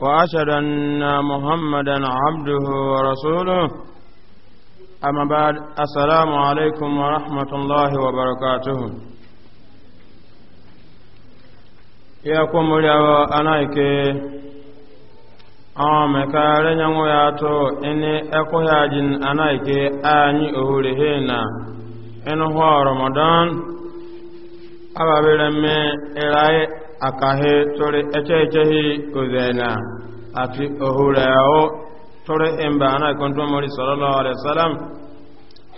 وأشهد أن محمدا عبده ورسوله أما بعد السلام عليكم ورحمة الله وبركاته يقوم لأو أنايك àwọn mẹ̀kàrẹ́ yẹnwó yàtọ̀ ẹni ẹkùhàjìn anáìké ààyí òhùrìhé na ẹnuhọ́ ramadan abàbẹ̀rẹ̀ mẹ́ akahe tore echechehi kuzena ati ohureo tore emba ana kontu mori sallallahu alaihi wasallam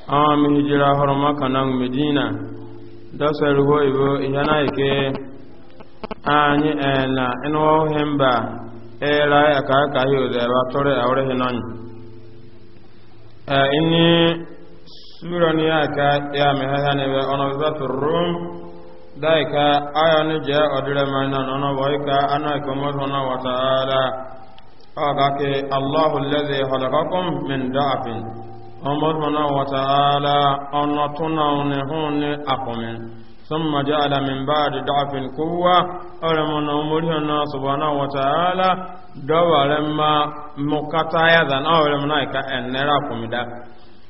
am hijra horma kanang medina dasar ho ibo ihana ike anyi ena eno hemba era aka ka hi ozewa tore awre hinan eh inni sura ni aka ya mehana be ono zatur rum daika aya ni jẹ ọdịrẹ mẹ́rin nọ́nà wọ́íká anáìkọ mọ́sánà wàtàrà ọ̀gáke aláhùlẹ́dẹ̀ ọ̀dọ̀kọ́kún min dáàfin ọmọdúnmọ́nà wàtàrà ọ̀nà túnà ní hún ní àkùnmin sun maji alamin ba da dáàfin kowa ọrẹmọ̀nà mọ́rìnà ṣùgbọ́nà wàtàrà dọ́wàrẹ́ ma mọ́kátayà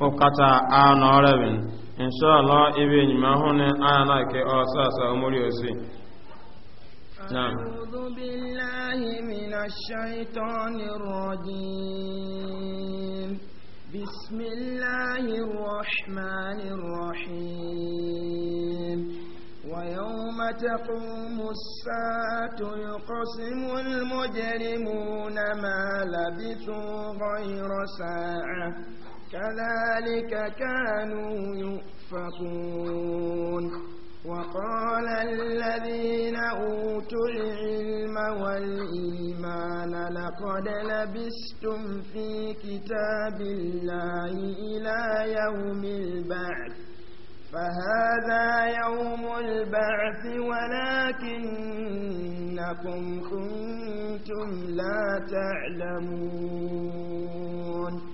ukata ana rabin inshallah ibe ni mahone ana ke o sasa umuri osi نعم أعوذ بالله من الشيطان الرجيم بسم الله الرحمن الرحيم ويوم تقوم الساعة يقسم المجرمون ما لبثوا غير ساعة كذلك كانوا يؤفكون وقال الذين أوتوا العلم والإيمان لقد لبستم في كتاب الله إلى يوم البعث فهذا يوم البعث ولكنكم كنتم لا تعلمون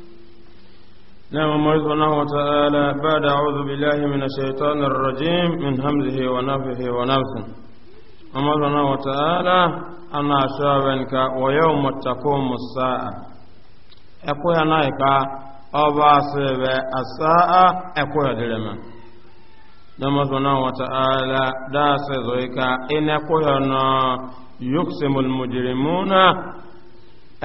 نعم الله سبحانه وتعالى بعد أعوذ بالله من الشيطان الرجيم من همزه ونفه ونفسه أما سبحانه وتعالى أنا شابنك ويوم تقوم الساعة أقول نايكا أبا سيبا الساعة أقول دلما نعم سبحانه وتعالى داس ذويك إن أقول يقسم المجرمون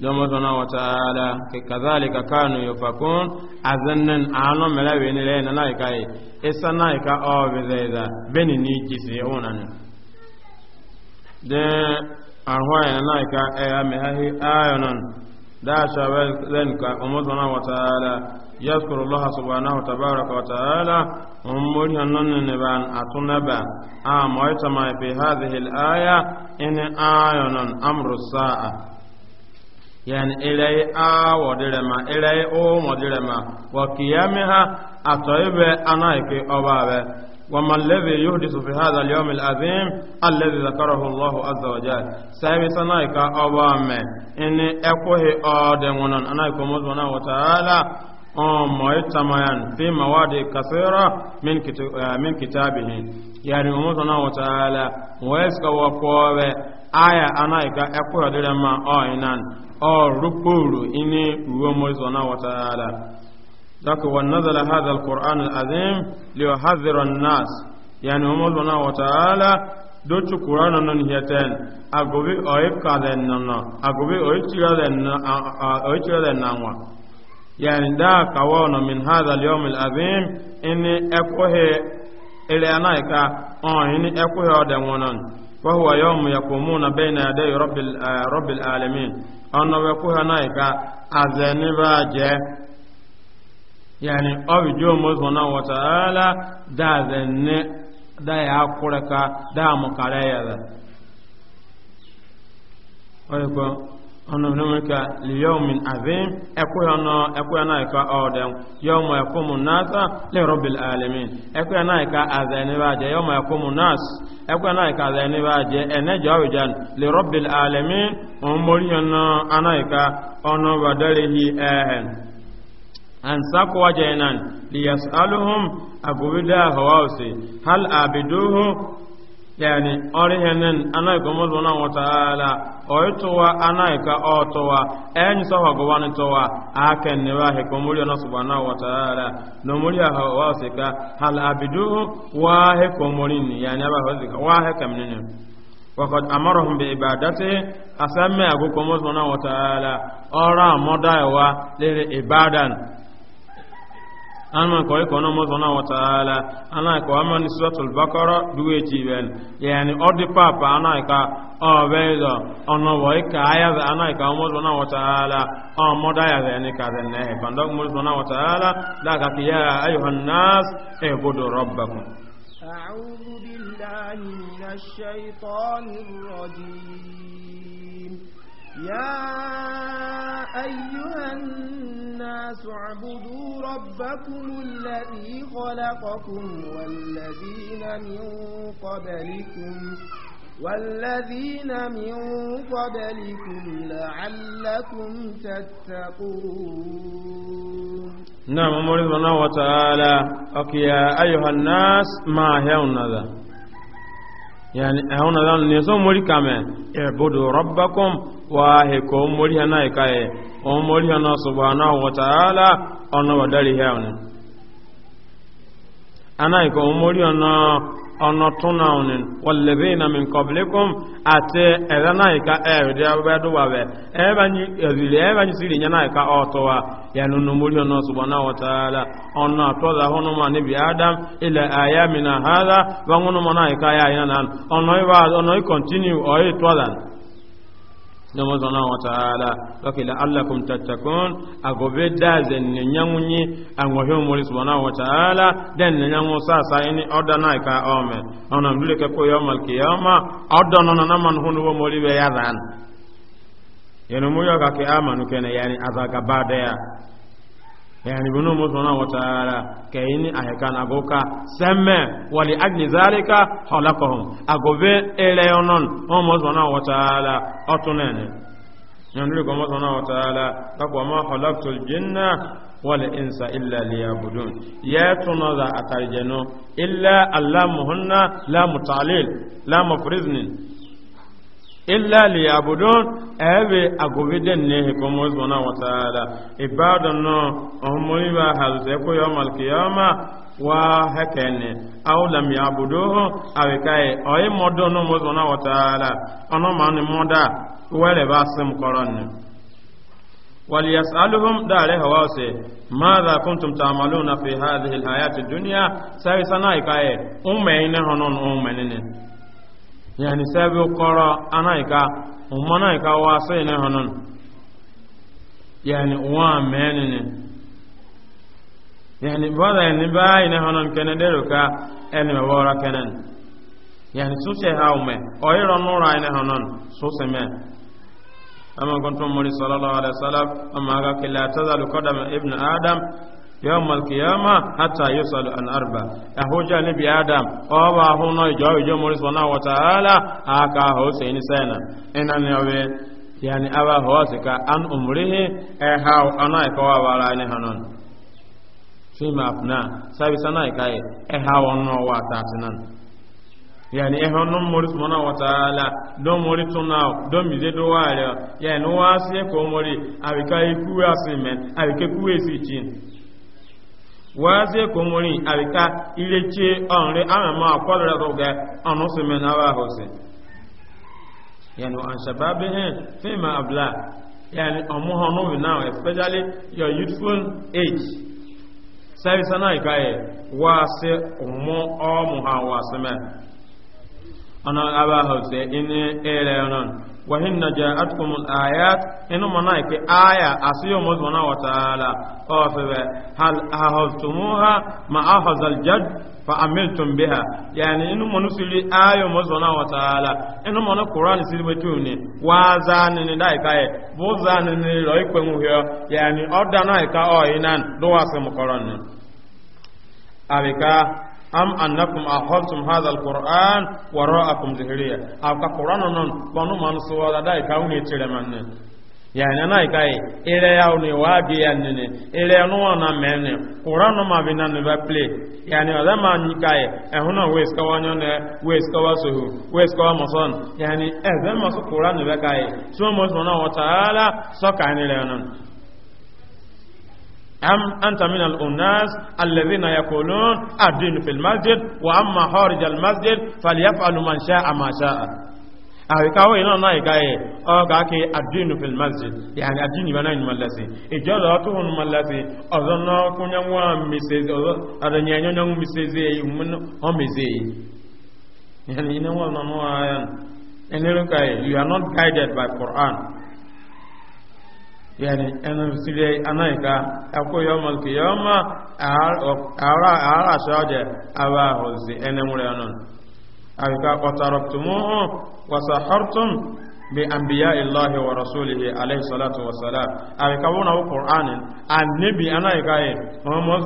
domo sona wa taala ke kadhalika kanu yufakun azannan ano mela weni le na nai kai esa nai ka o bezeza beni ni jisi onan de arwa na nai ka e ame hahi ayonan da shawal len ka umma sona wa taala yaskuru allah subhanahu tabaraka wa taala ummuri hanan ne ban atunaba a moita mai fi hadhihi al aya in ayonan amru sa'a yani ilai a wadirema ilai o wadirema wa kiyamiha atoibe anaike obabe وما الذي يحدث في هذا اليوم العظيم الذي ذكره الله عز وجل سامي سنايك أبام إن أكوه آدمون أنايك مزمنا وتعالى أم يتميان في مواد كثيرة من من كتابه يعني مزمنا وتعالى ويسك وقوة آية أنايك أكوه درما آينان أرقور إني ومزنا وتعالى ذاك ونزل هذا القرآن العظيم ليحذر الناس يعني ومزنا وتعالى dotu kurana non hiyaten agobi oyib kalen nonno agobi oyitiyalen oyitiyalen nanwa yani da kawono min hadha al-yawm al-azim inni ekohe ile anaika on inni ekohe odenwonon wa huwa yawm yakumuna bayna yaday Ọ nọbọ ekwụghị anọ anyị ka azụ ịnị bụ ajị. Ya na ọ bụ Jomos ha na awọsa ọ bụ ala daa azụ ịnị, daa yaakụrụ ka daa amụkara yaakụrụ. onuhunka liyawmin azim ekuyono ekuyana ka odem yawma yaqumu nasa li rabbil alamin ekuyana ka azani baje yawma yaqumu nas ekuyana ka azani baje ene jawijan li rabbil alamin umuriyono anaika ono badalihi ehen an sako wajenan liyasaluhum agubida hawausi hal abiduhu yani orihenen anaika mulu na wataala oituwa anaika otuwa enyi sofa tuwa aken na subhanahu wataala no mulu ha hal abidu wahe yani aba wasika wahe kamnene وقد أمرهم بعبادته أسمى أبوكم سبحانه وتعالى أرى ama ko ko no mo zona wa taala ana ko ama ni suratul baqara duwe ci ben yani ordi papa ana ka o bezo ono wo ka aya ana ka mo zona wa taala o mo da ya ne ka den ne bando mo zona wa taala la ka ya ayuhan nas ibudu e rabbakum a'udhu billahi minash shaitanir rajim يا أيها الناس اعبدوا ربكم الذي خلقكم والذين من قبلكم والذين من قبلكم لعلكم تتقون نعم مولى سبحانه وتعالى أوكي يا أيها الناس ما هون هذا يعني هون هذا نسوم مولى كمان اعبدوا ربكم o mori hana wa ta'ala ono wadari hewne ana ko mori hana ono tuna onin wallazina min qablikum ate erana ika e de abedu wabe e banyi ezile e banyi siri nyana ika otowa yanu no mori hana subhanahu wa ta'ala ono atoza hono adam ila ayamina wangono mana ya nomo zona wa taala laki agobe daze ne nyangunyi ango he mo subhana wa taala den ne nyangu sasa ini odana ka ome ona mdule ke ko yomal kiyama odana na man hunu wo molibe yazan yeno mu yoga ke amanu kene yani azaka yani bunu mu sona wa taala kayini ahekan agoka semme wali ajni zalika halakahum agobe eleyonon o mu sona wa taala otunene yani ko mu sona wa taala takwa ma halaktul jinna wal insa illa li abudun ewe agobiden ne ko mo zona wa taala ibadan no umuri ba hal se wa hakene aw lam yabuduhu awe kai oy ba وليسألهم دار هواسي ماذا كنتم تعملون في هذه الحياة الدنيا سيسنا أمين هنون yani sabu kɔrɔ anaika umanaika waasai ne hɔnon yani uwa mɛni ne yani bɔda ni baayi ne hɔnon kɛnɛ dero ka ɛni mɛ wɔra kɛnɛ yani susɛ ha umɛ ɔyirɔ nura ne hɔnon susɛ mɛ ama kɔntɔn mɔri sɔlɔlɔ alayi salam ama aga kila tazalu kɔdama ibnu adam yọọ malkiyama hata yosalu al'arba ahuja nibi adam ọba ahụnọ ijọ ijọ mọrịsọ na wata ala aka ahụ ose ni sena ina ni ọbẹ ya ni aba ahụ ọsị ka an umrihi ẹha e ana ikọwa bara ni hanọn fima afuna sabisa na ika yi e ẹha taasị nan ya na e wata ala don mori tun na don mize do wa rẹ ya ni wa se ko mori abika ikuwa simen abike kuwa esi chin. wazie ka alika nwere arịka ilechie ọnri aha ma akwadoro ga ọnụ sime na wahosi yani an shababihin fema abla yani ọmụhọ n'obi now especially your youthful age service na ika ye waasi ụmụ ọmụ ha waasi mẹ ọnụ abahosi ịnị ịrịọ nọ وهن جاءتكم الآيات إنه منايك آية أسيو مزمنا وتعالى أوفب هل أهزتموها ما أهز الجد فعملتم بها يعني إنه منسلي آية مزمنا وتعالى إنه منا قرآن سلمتوني وازاني ندايك آية بوزاني لأيك مهيو يعني أردنا إكا أوينان دواسي مقرن أبكا am annakum akhadtum hadha alquran wara'akum zahiriya aka qur'an non banu man so wala dai ka uni tire manne yani na kai ire ya uni wa bi yanne ire no na menne qur'an ma bi nan ba play yani wala ma ni kai e hono we ska wanyo ne we ska waso we ska wa mason yani e zama so qur'an ba kai so mo so na wa ta'ala so ka ni le non أم أنت من الناس الذين يقولون الدين في المسجد وأما خارج المسجد فليفعل من شاء ما شاء àríkáwọ́ iná náà ìkáyẹ̀ ọgáàkì àdínú fìlmáṣì yàní àdínú ìbáná ìnú mọ̀lẹ́sì ìjọ́lọ ọkùnrin ìnú mọ̀lẹ́sì ọ̀zọ́nà kúnyẹ̀wọ̀n mẹ́sẹ̀sì ọ̀dọ̀nyẹ̀nyẹ̀nyẹ̀nyẹ̀ mẹ́sẹ̀sì ọmẹ́sẹ̀ yìí yàní iná yani ẹnu sílẹ̀ anáìka ẹkọ́ yọmọ kì yọmọ àárá aṣọ́jẹ́ àwà òsì ẹni múrẹ̀ ọ̀nà àríká ọ̀tàrọ̀tùmọ́hún wàsàhọ́rtùm bí àmbíyá ìlọ́hì wà rasúlìhì aláìsọ́látù wàsàlá àríká wọ́nà ó kùránì àníbi anáìka yìí wọ́n mọ́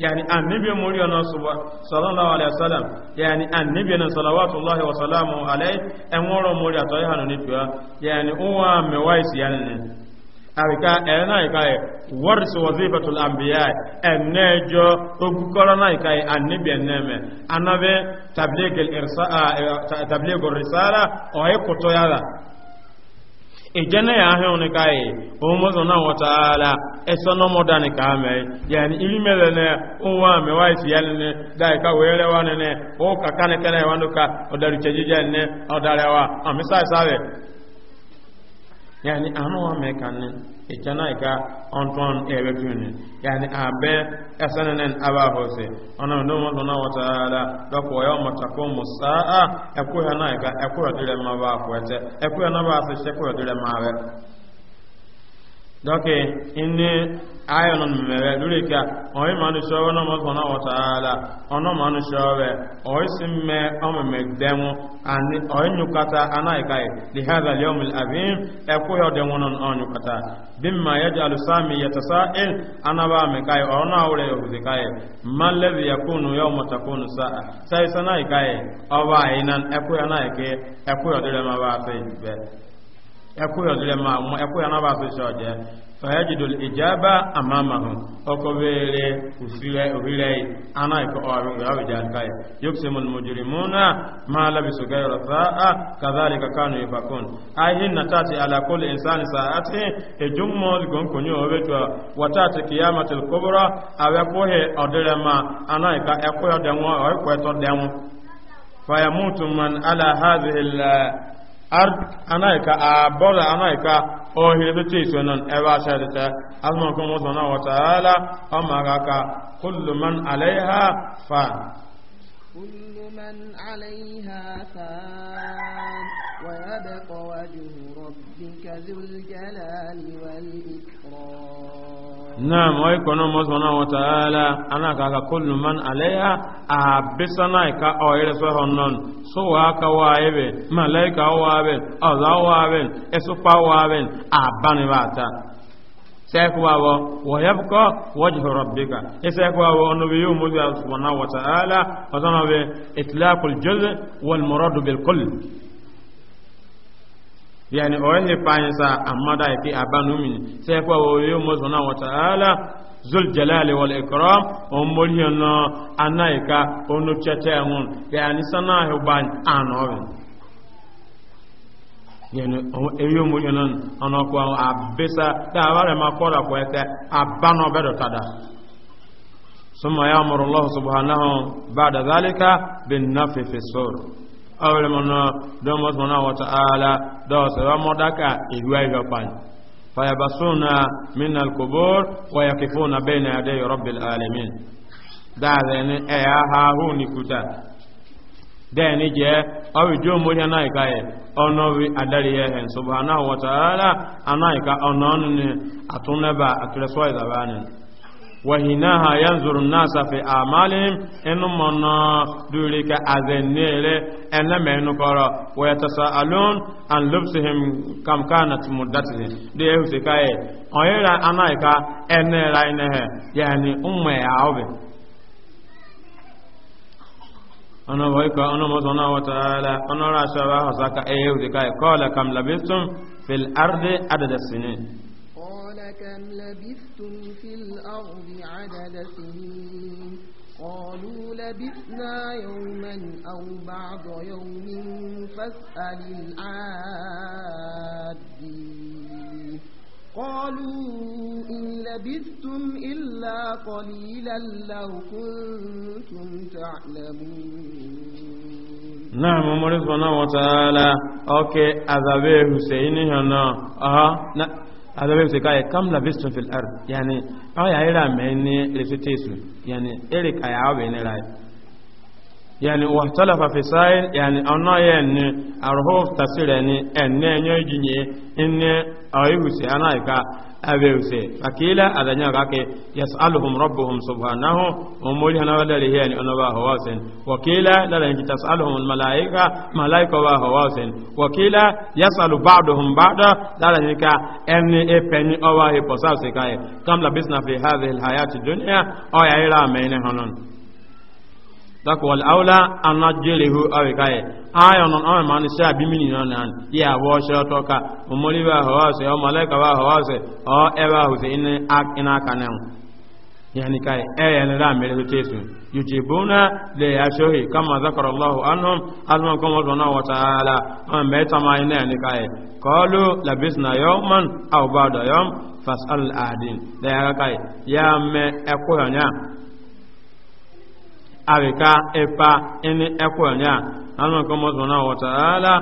يعني النبي مولانا صلى الله عليه وسلم يعني النبي صلوات الله وسلامه عليه امور مولى طيها نيتوا يعني هو ميوايس يعني أريكا أنا أريكا ورث وظيفة الأنبياء النجو أبكرنا أريكا النبي النم أنا في تبليغ الإرسال آه، تبليغ الرسالة أو أي كتو ejene ya ahụ ni ka yi omozo na wataala eso no moda ni ka me yani ili mele ne uwa me wa isi yani ne dai ka wele wa ne o ka kane kane wa nduka odaru chejije ne odare wa amisa sabe yani anu wa me kan ne ichana ika e onton ebe ya yani abe esanenen aba hose ona no mo na wata ala do ko yo mata ko musaa ah, ekuya na ika e ekuya ma ba ete na ba se ekuya dire ma dɔke inni ayon mmere lórí ka e ọ̀yí ma ọ sọ́wọ́ náà mọ́sán náà wọ́ta ààlà ọ̀nà ma ní sọ́wọ́ ọ̀yí sí mẹ́ ọmọmẹ́ dẹ́mu ọ̀yí nyukata anáìkáyì lè ha zàlẹ́ ọmọ àbíyìn ẹkú yọ dẹ́mu náà ọ̀n nyukata bí ma ya jẹ́ alùsámi yẹ tasa il anaba mẹ́káyì ọ̀nà àwòrẹ́ òhùzíkáyì ma lẹ́bi yakunu yọ mọ̀takunu sa'a sáyé sanáìkáyì ọba àyínan ẹkú yọ náà ẹkú yọ dẹ́rẹ́ ma bá a fẹ́ bẹ́ẹ̀ ẹkúyọ̀ sílẹ̀ máa mú ẹkúyọ̀ náà bá fi ṣe ọ̀jẹ́ fàyẹ́jìdò ìjábá àmàmàhùn ọkọ̀ wéèrè òsìlẹ̀ òrílẹ̀ aná ikọ̀ ọ̀rọ̀ ìyáwó ìjà àkáyẹ̀ yóò ṣe mọ̀ mọ̀jìrì mú náà máa lábi ṣùgbẹ́ ọ̀rọ̀ sáà kàzáàlì kàkánù ìfàkùn ayé na tàti alákólẹ̀ ìsáni sàáti ìjúmọ̀ gọ̀ǹkùnyìn òwétò wàtàtì kìyàmà tìlkóbúrọ̀ àwẹ́kúhẹ̀ ọ̀dẹ́rẹ̀ máa aná ikọ̀ ẹkúyọ̀ dẹ̀wọ̀n ọ̀ẹ́kọ̀ ẹ̀tọ́ dẹ̀wọ̀n anaika a bọ́lá anaika ọ̀hìrì tó tèèsù ẹ̀nàn ẹwà ṣẹ́dẹ̀tẹ́ azmọ̀kún mọ́sàn náà wọ̀tàálá ọmọ àkàkà kùlùmán aláìhá fà kùlùmán aláìhá fà wàyàbẹ̀kọ̀ wájú rọ̀bí kàzí naam oyi kono mosona wa taala ana kaka kullu man alaiha abisana ka oyere so honnon so wa ka waebe malaika waebe aza waebe esu pa waebe abani bata sẹ́kù àwọ̀ wọ̀yẹ́bùkọ́ wọ́jù rọ̀bíkà ìsẹ́kù e àwọ̀ ọ̀nàbí yóò mú ìgbà subhanahu wa ta'ala ọ̀sánàbí ìtìlákùl jọ́lẹ̀ wọ́n mọ̀rọ̀dù bilkul yani oyehe panyisa amada yake abanumini sai kwa oyo mozo na wa ta'ala zul jalali wal ikram on moliyo no anaika onu chete ngun yani sana he ban anobe yani eyo moliyo non anokwa na da wale makora kwa ete abano bedo tada ثم يأمر الله سبحانه بعد ذلك بالنفي في awere mono domo subhanahu wa ta'ala do se wa modaka iwa e iwa e pani fayabasuna min alqubur wa yakifuna baina yaday rabbil alamin dare ni e ha hu ni kuta deni je awi jo mo ya nai kai e, ono wi adari anaika onon ni atunaba atresoi وهناها ينظر الناس في أعمالهم إن من ذلك أذنير إن من كرا ويتساءلون عن لبسهم كم كانت مدتهم دي يفتكاي أيرا أنايكا إن راينه يعني أمي أعوبي أنا ويكا أنا مزنا وتعالى أنا راشا وحساك أيه ذكاي قال كم لبستم في الأرض عدد السنين كم لبثتم في الأرض عدد سنين قالوا لبثنا يوما أو بعض يوم فاسأل العادين قالوا إن لبثتم إلا قليلا لو كنتم تعلمون نعم أمر سبحانه وتعالى أوكي أذابيه حسيني هنا أها azabe se ka kamla la fil ard yani aw ya ira me ni resitesu yani ere ka ya be ne rai yani wa talafa yani anna ni arhuf tasira ni enne nyoy jinye inne ayu se anai awewse akila adanya kake yasaluhum rabbuhum subhanahu umuli hanawalali hiyani onoba hawasen wakila lala yanki tasaluhum malaika malaika wa hawasen wakila yasalu ba'duhum ba'da lala yanka enni epeni owa hiposawse kaye kam labisna fi hadhihi alhayati dunya oya ila amene hanon dak wal aula anna jelehu awe kaye aya non awe man sa bimini non an ya wo shoto ka umuli ba hawase o malaika ba hawase o ewa huse in ak ina kanem yani kai ya e na ramere to tesu yujibuna le yashohi kama zakara allah anhum azman kuma zona wa taala an meta mai ne yani kai qalu labisna yawman aw ba'da yawm fasal adin da ya kai ya me ekoyanya abika ifa ini ekwenya anuma kuma subhanahu wa ta'ala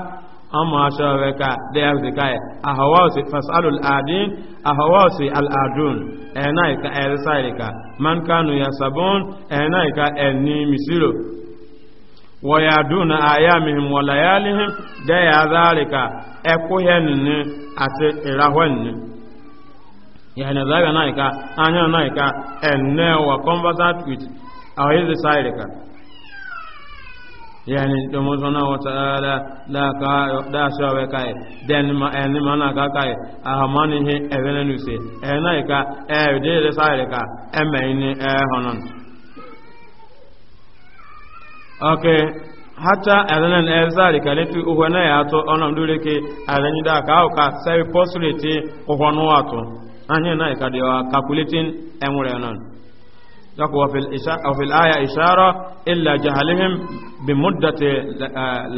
amma shawaka da ya zika ya ahawasi fasalul adin ahawasi al'adun enaika elsaika man kanu yasabun enaika elni misiro wa yaduna ayamihim wa layalihim da ya zalika ekuhenni ati irahwenni yani zaga naika anya naika enne wa conversant with أو يد سائرك yani domin suna wata ala da ka da shawa bai kai den ma en ma na ka kai a hamani he evene nuse e na ka e ka eme ihe ni e honon okay hata ɛlɛnɛn ɛzaari ka letu uhu na ya to ɔnam dure ke ɛlɛnyi da ka awo ka sɛbi pɔsuleti uhu no wa to anyi na ka wa وفي الآية إشارة إلا جهلهم بمدة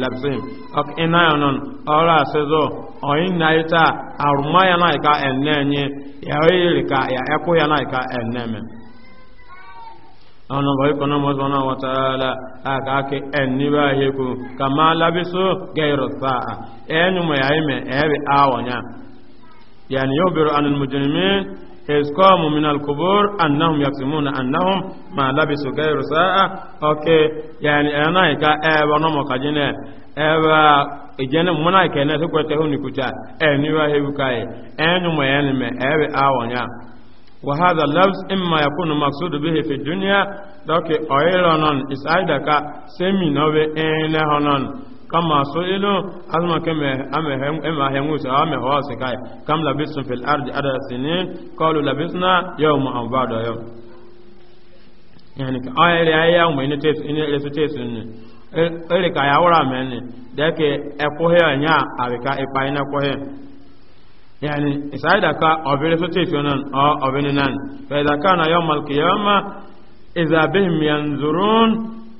لبسهم أك إنا ينون أولا سيزو أو إنا أرما ينايكا أنني يويلكا يأكو ينايكا أنني ọ̀nà bọ̀ ikọ̀ náà mọ́sán náà wọ́tàrálà àkàkẹ́ ẹni bá hekú ka máa lábísó gẹ̀rọ sáà ẹni mọ̀ yàí mẹ́ ẹ̀ẹ́bẹ̀ áwọ̀ إذ قاموا من القبور أنهم يقسمون أنهم ما لبسوا غير ساعة أوكي يعني أنا إيكا إيبا نمو كجنة إيبا إجنة منا إيكا نسو كوتهو نكوتا إنيوا هيوكاي إنيو ميانيمي إيبا آوانيا وهذا اللفظ إما يكون مقصود به في الدنيا دوكي أويلونون إسعيدكا سيمي نوبي إنيهونون kama su'ilu azma kama ama ama hamusa ama hawasa kai kam labistum fil ardi adad sinin qalu labisna yawma aw ba'da yawm yani ka ayere aya mu ina tes ina ina tes ne ere ka ya wora men ne da ke e ko he anya abika e pa ina ko he yani isaida ka obere so tes nan o obene nan fa idha kana yawmal qiyamah idha bihim yanzurun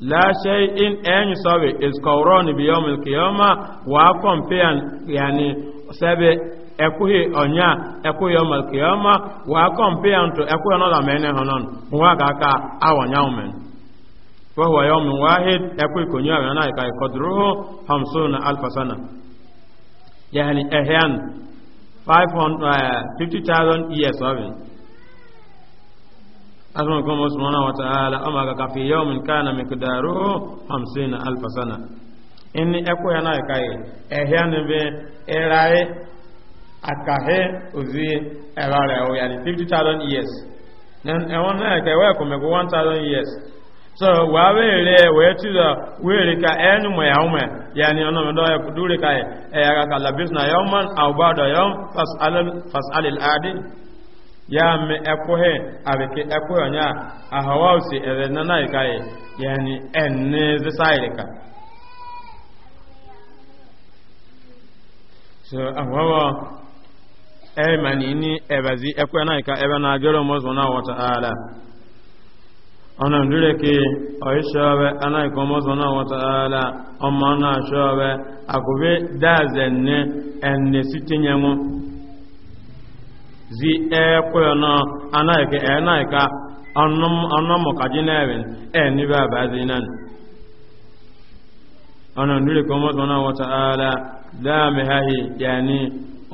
la shay'in any sawi is qawran bi yawm al qiyamah wa compare yani sabe ekuhi onya ekuhi yawm al qiyamah wa compare to ekuhi another man hanon wa kaka awanya umen fa huwa yawm wahid ekuhi na yana ka qadruhu 50 alf sana yani ehyan 550,000 years of it. أسمع كم سبحانه وتعالى أما كفي يوم كان مقداره خمسين ألف سنة إني أكو أنا كاي أهيان بي إراي أكاهي أزي أرالي أو يعني 50,000 years then أنا أنا كاي ويكو مكو 1,000 years so wawele wetuza weleka enyuma yaume yani ono mendo ya kudule kae e aga kalabisna yauman au bada yaum fasalil fasalil adi ya me ekwohe abike ekwohe onya ahawausi ere nana ikaye yani enne zisairika so ahwawa e mani ni e na ika ebe na na wata ala ona ndure ke na wata ala zi ekwe no anaike enaika annam annam kajineven eniba bazinan ana nure ko mo dona wa ta'ala da mehahi yani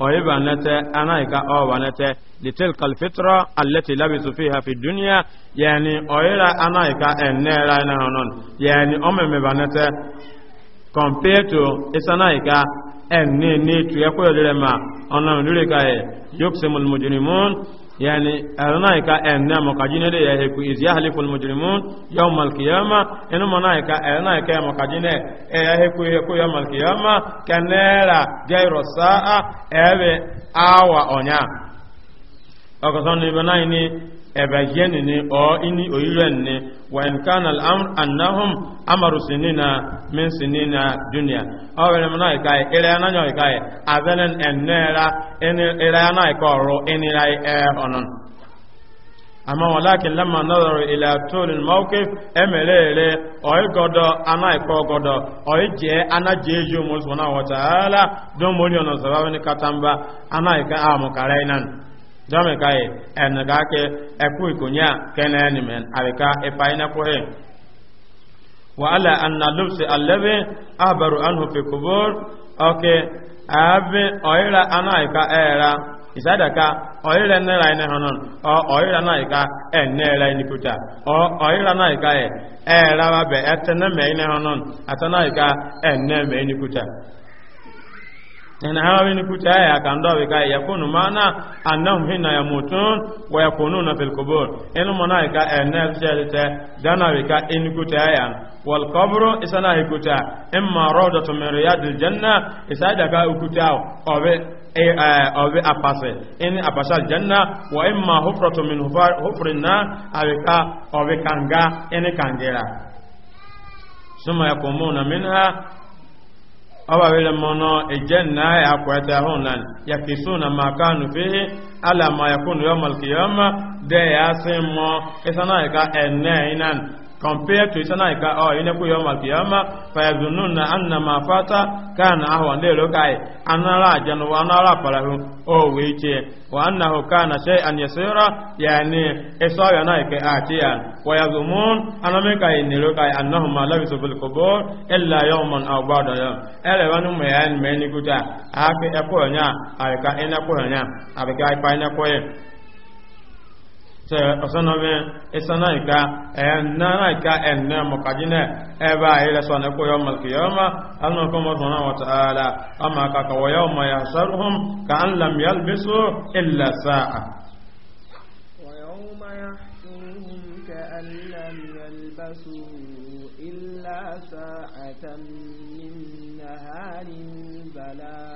oyiba nete anaika owa nete litilka alfitra allati labisu fiha fi dunya yani oyira anaika enera na honon yani omeme banete compared to isanaika ẹni ní tuyẹ́kọ́ ìrírẹ̀ ma ọ̀nà ìrírẹ̀ ka ẹ̀ yóò se mọ̀lùmọ̀jìrìmún yẹni ẹ̀rọ náà ìka ẹ̀nà mọ̀kàjínẹ́lẹ̀ yẹ ẹ̀kù ìzí àhàlẹ́kùn mọ̀jìrìmún yọ mọ̀lùkìyàmá inú mọ̀ náà ìka ẹ̀rọ náà ìka mọ̀kàjínẹ́ ẹ̀hẹ́kù ẹ̀kù yọ mọ̀lùkìyàmá kẹ́nẹ́rà jẹ́ ìrọ̀sáà ẹ̀ẹ́bẹ̀ áwà ọ̀nyá ọkọ̀sán ní náà ní ẹ̀bẹ̀yẹni ni ọ inú òyìnrẹ̀ ni wọ́n kánà anáhùn amárùsì nínà mínsì na dúnìá ọ̀rẹ́ mọ́ náà ìkáyẹ̀ ẹ̀rẹ́ anáyọ̀ ìkáyẹ̀ abẹ́lẹ̀ ẹ̀nẹ́ra ẹ̀rẹ́ anáyẹ̀kọ̀ ọ̀rọ̀ ẹ̀nira ẹ̀ ọ̀nà amma walakin lamma nazaru ila tulil mawqif emelele oigodo ana ikogodo oije ana jeju mu subhanahu wa ta'ala don mo ni ona sababu ni katamba ana ika amu dɔmi ka ye ɛni ka kɛ ɛkuyi ko kɛnɛ ni a bɛ ka ɛpayi na wa ala anna lubsi alɛbi abaru anhu fi kubur ɔkɛ ɔyira ana yi ka ɛɛra isada ka ɔyira ne yi ne hɔnɔn ɔ ɔyira na yi ka ɛnɛ yi kuta ɔ ɔyira yi ka bɛ yi ne yi ka yi kuta. na hawa wini kuta haya akandoa wika yakunu maana annahum hina yamutun wa yakununa fil qubur enu mana ka ene chete dana wika in kuta haya wal qabru isana kuta imma rawdatu min riyadil janna isada ka kuta obe e, e, obe apase in apasal janna wa imma hufratu min hufrin na awika obe kanga ene kangera suma yakumuna minha ọba wele mọnọ ejen na ya akwata hun nan ya kisu na makanu fihi ala ma yakunu yawmal qiyamah de ya sin mo isana ka enne inan compared to isana ika ọ ine ku yawm alqiyama fa yazunnuna anna ma fata kana ahwa ndelo kai anara ajanu anara palahu o weche wa annahu kana an yasira yani eso ya na ike atia wa yazumun aname kai ndelo kai annahu ma labisu fil illa yawman aw ba'da ele wanu me me ni kuta ake nya ina ko nya abika ina ko sɛ ɔsɔnɔ bɛ ɛsɔnɔ yi ka ɛnana yi ka ɛnɛ mɔkadinɛ ɛbɛ ayi lɛ sɔnɔ ko yɔ maliki yɔ ma alima ko mo sɔnɔ wa taala ɔma ka ka wɔ yɔ ma ya sɔrɔhum ka an lamuya bisu ila saa. ويوم يحشرهم كأن لم يلبسوا إلا ساعة من نهار بلاغ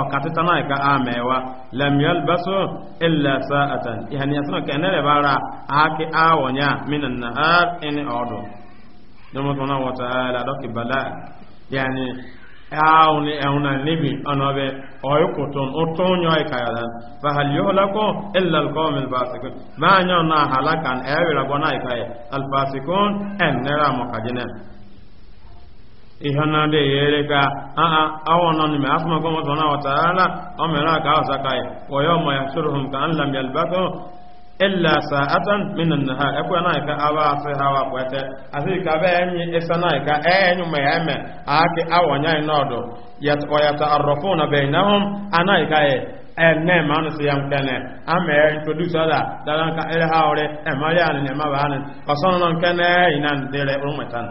ọ̀kàtítà náà ka a mẹ́wa lamiyal baso illa sa'atan ihani asana ka ene da bara a haki awonya minan na har ini ọdọ don mutu na wata ala doki bala yani awon ehun na nibi ọna ọbẹ ọyọ kotun otun yọ ikayadan fahal yóò lakọ illa alkọọm alfasikun báyọ náà halakan ihe ihana de yere ka aha awon non me asma ko mo tona wa taala o me na ka sa kai wa yawma yahshuruhum ka an lam yalbathu illa sa'atan min an-nahar akwai e na ka aba ha hawa kwete asị ka ba enyi esana ka e enyu me eme aki awa nya ya ya n'ọdụ awon yan nodo yat wa yata'arrafuna bainahum anaika e ɛnɛ maa nu si yan kɛnɛ ama ɛ e introduce ɔla dala ka ɛrɛ ha ɔrɛ ɛmɛ ɔlɛ ani ɛmɛ ba ani ɔsɔn nɔ kɛnɛ yina ni ụmụ ịta na.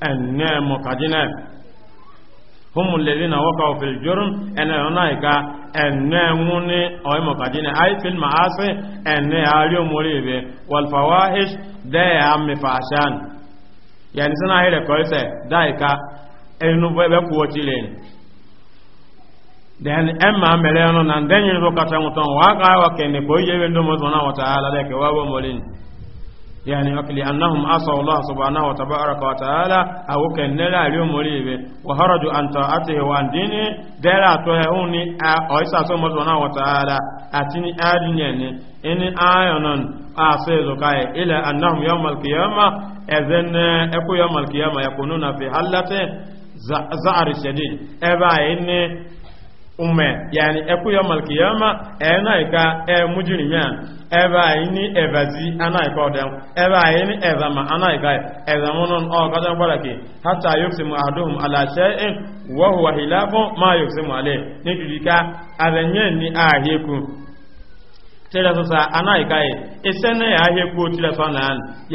ẹnẹẹmọ kajinẹ humu lẹbi na wọkà òfin jọrùm ẹnẹ ọ̀nà ìka ẹnẹẹmú ní ọ̀ẹ́mọ kajinẹ àìfin ma á sí ẹnẹ àárí òmùrí ìbẹ wàlfàwà ish dẹ́ẹ̀ àmì fàṣán yẹn sínú àhírẹ̀ kọ́ẹ́sẹ̀ dá ìka ẹnu bẹ́ẹ̀ kú ọtí lẹ́nu then emma mẹlẹ́nu na ndẹ́yìn ló kàtà ń tán wàá kà wà kẹ́ni kò yẹ wẹ́ndó mọ́tò náà wọ́tà á lálẹ́ kẹwàá wọ́n mọ́lẹ́ni. يعني أكل أنهم عصوا الله سبحانه وتبارك وتعالى أو كان نلا اليوم ريبه وهرجوا عن طاعته وعن دينه دلا تهوني أويسا سبحانه وتعالى أتني آدنيني إني آيونون أعصيزو كاي إلا أنهم يوم القيامة إذن أكو يوم القيامة يكونون في حلة زعر شديد أبا إني ume yani eku yom alkiyama e ebe anyị ni evazi anaghịkọ ọdịm ebe anyị ni ezama anaghịkọ ezamụnụ ọkọta mgbara ke hata yoksimu adum alashe in wahuwa hilafun ma yoksimu ale n'ijirika azenye ni ahịekwu tẹ́lẹ̀ sọ́sà anáìka ẹ̀ iṣẹ́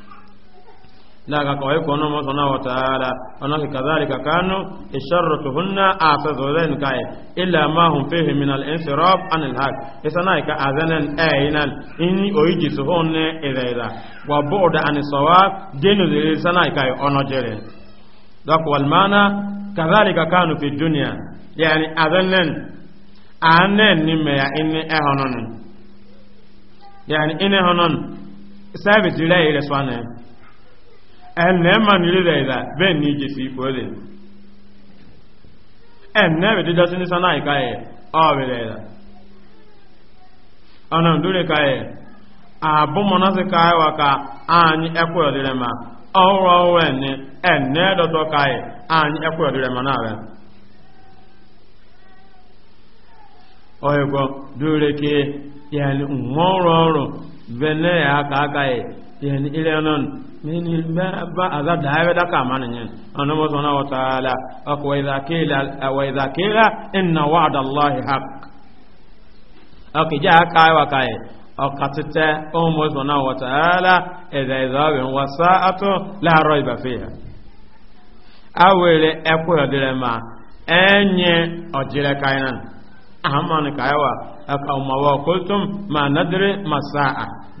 naga kawai kono mo sona wa taala ona ke kadhalika kanu isharatuhunna afadhulan kai illa ma hum fihi min al insiraf an al haq isana ka azanan ayinan inni oyiji sohonne iraira wa bu'da an sawab dinu le sana kai ono jere dak wal mana kadhalika kanu fi dunya yani azanan anen ni me ya inni ehonon yani inni honon service ile ile ẹnẹ niile rẹ ìdá bẹẹ ní ìjẹsì Ene rẹ ẹnẹ bẹ dídá sí ní sáná ìka yẹ ọbẹ rẹ ìdá ìdúró ìka yẹ àbúmọ̀nà sí ká ẹwà ká ààyè ẹkọ ìdírẹ mà ọwọ́ ọwọ́ ẹni ẹnẹ ká yẹ ààyè ẹkọ náà rẹ. dúró yẹn ń wọ́n rọrùn bẹ́ẹ̀ náà mini ba aza daawe da kama ni nyen ana mo sona wa taala ak wa idha qila wa idha qila inna wa'da allahi haqq ak ja kai wa kai akatete o mo sona wa taala idha idha wa sa'atu la rayba fiha awere eku yodire ma enye ojire kai nan ahman kai wa ak umma wa qultum ma nadri ma sa'a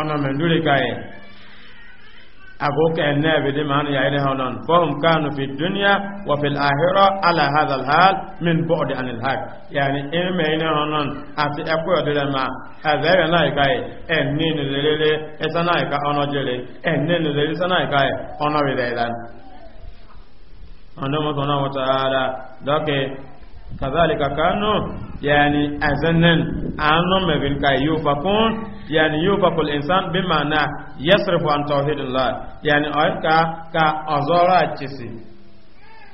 ona menduri kaye agoka enebe de manu ya ile honon fahum kanu fi dunya wa fil akhirah ala hadha al hal min bu'd an al haq yani eme ina honon ati ekwe odere ma azere na ikaye enni ni lelele esana ika ono jele enni ni lelele sana ikaye ono bi daidan ono mo tona wa taala doke kadhalika kanu yani azanan anu mebin kayo fakun yani yufakul insan bi ma'ana yasrifu an tawhidillah yani ay ka ka azara chisi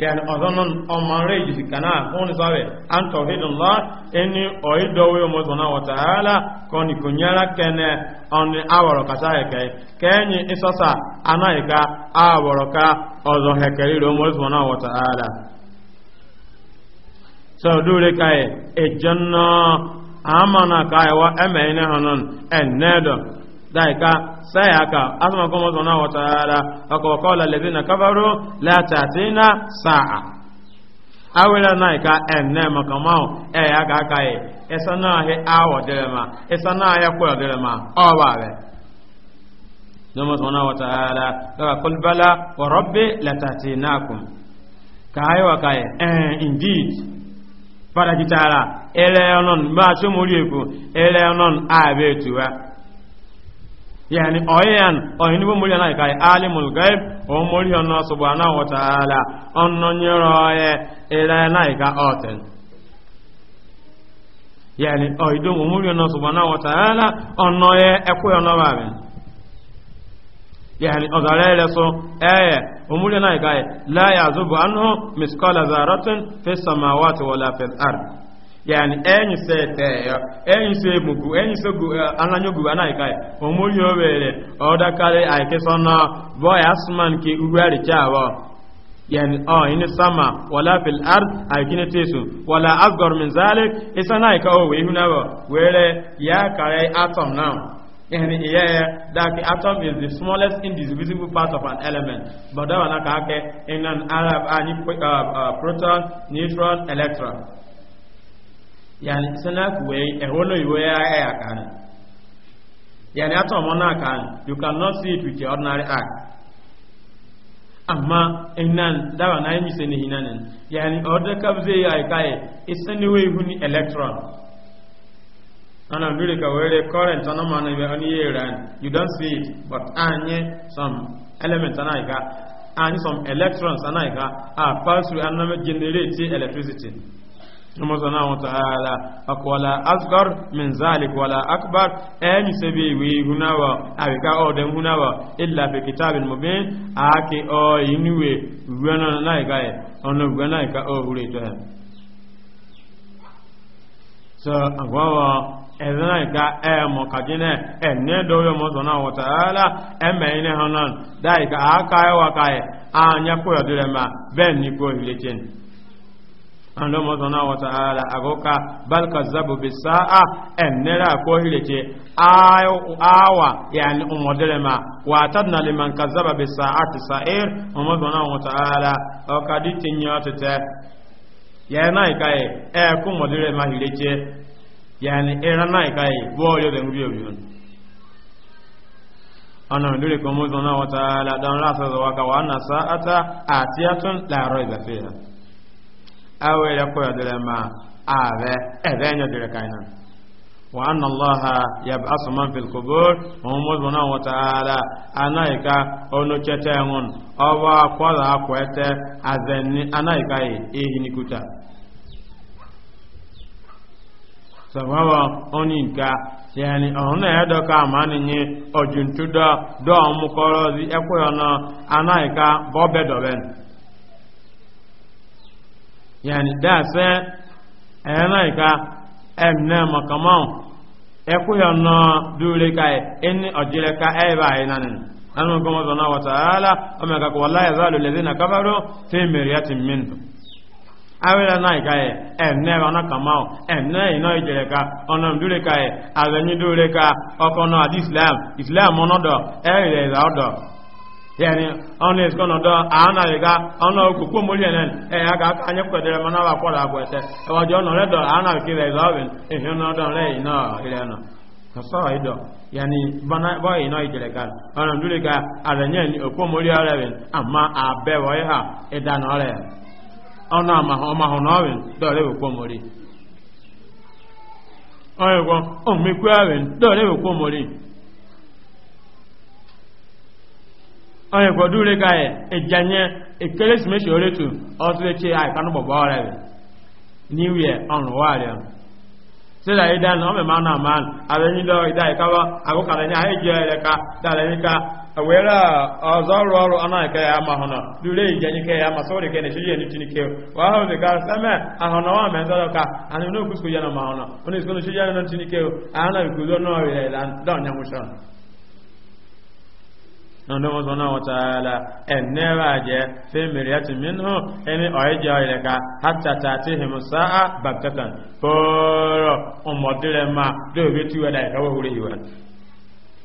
yani azanon omare ji kana hon sabe an tawhidillah eni oy dowe mo zona wa ta'ala koni kunyara kene on aworo kasa eke kenyi isasa anaika aworo ka ozo hekeri ro mo zona wa ta'ala so dure kai ejanna ama na ka ewa eme ne hanon enedo daika sayaka asma kuma zona wa taala akwa qala alladhina kafaru la tatina sa'a awela naika enne makamao e aka kai e. esana he awo dilema esana ya kwa dilema obawe Nama zona wa taala kaka qul bala wa rabbi la tatinakum ka wa ka e, eh indeed farachitara eleonon machomoriekwu eleonon abetuwa yani oyan oyin bo mori anai kai alimul gaib o mori ona subhanahu wa ta'ala onno nyero ye ila anai ka oten yani oido mo mori ona subhanahu wa ta'ala onno ona babe yani ozalele so eh umuri na ga la ya yazubu anhu misqala zaratin fi samawati wala fil ard yani enyi se teyo enyi se mugu enyi se gu eh, ananyo gu anai kai omori obere oda kare aike sona boy asman ki ugari chawo yani oh ini sama wala fil ard aikine tesu wala asgar min zalik isana ka o we hunawo were ya kare atom now in the air that the atom is the smallest indivisible part of an element but that one aka ake in an arab any uh, uh, uh, proton neutron electron yani sana kuwe ehono iwe ya ya kan yani atom ona kan you cannot see it with your ordinary eye amma inan dawa na yi misali hinanin yani order kabze ya kai isani we huni electron ana mbiri ka were current ana ma na be ani you don't see it but anye some element ana iga anye some electrons ana iga are pass through and generate electricity Numu sana wa ta'ala akwala asgar min zalik wala akbar ayni sabi wi hunawa abika o den hunawa illa fi kitabin mubin ake o inwe wana na iga e. ono wana iga o hure e. so agwawa ezana ga emo kajine enne doyo mo zona wa taala emme ine hanan dai ka aka e wa kai e, anya ko yodirema ben ni ko hilechen ando mo zona wa taala agoka bal kazzabu bis saa enne ra ko hileche ayo awa yani umodirema wa ta tadna liman kazzaba bis saati sa'ir mo zona wa taala o kaditi nyote te yana ikaye e ku modirema hileche yani era na kai boyo de ngubio biyo ana ndule kwa Mungu na wa taala dan rasa za waka wa anna sa'ata atiyatun la raiba fiha awe la kwa dilema ave evenyo dire kaina wa anna allaha yab'athu man fil qubur wa Mungu na wa ana anaika ono chetengun owa kwa la kwete azeni anaika e hinikuta sababa oni nka yani ona e e e ya doka amani nye ojuntu da do omukoro zi ekwe ona anaika bobe doben yani da se anaika emne makamau ekwe ona dure kai eni ojire ka na na-agụnye eba ala anu gomo zona wa ta'ala amaka wallahi zalu ladina kafaru fi miryatin minhum awela na ikaye enne wana kamao enne ino ijereka ono mdure kaye avenyi dure ka okono adi islam islam ono do ele ila odo yani ono is kono do ana lega ono okuku muri enen e aga aka anye kwadere mana wa kwara agwete e wajo ono redo ana kire ila oven e ono do le ino ile no kasawa ido yani bana boy ino ijereka ono mdure ka avenyi okuku muri alen ama abe wa ha edana ole ọnụ ọmahụ n'ọwịn dọọrọ ewekwa omori ọyịkwọ omekwe awịn dọrọ ewekwa omori ọyịkwọ dure ka ya e, e ejanye ekeresimesi oretu ọtụtụ echi aịkanụ e gbọgbọ ọrịa ya new year ọnụ warịa sida na ọmịma na aman abịa nyi dọọ ịda ịkawa agụkara nye ha eji ọrịa ka dara ka awera azaru aru ana ka ya ma hono dure je ni ka ya e ma sori ke ne shi ni tin ke wa ha de ka sama a hono wa me do ka ani no kusku ya na ma hono oni ya na ke ku do no la nya mu sha no no na en ne wa je fe eni je ka hatta ta ti him sa'a poro o modire ma do beti wa da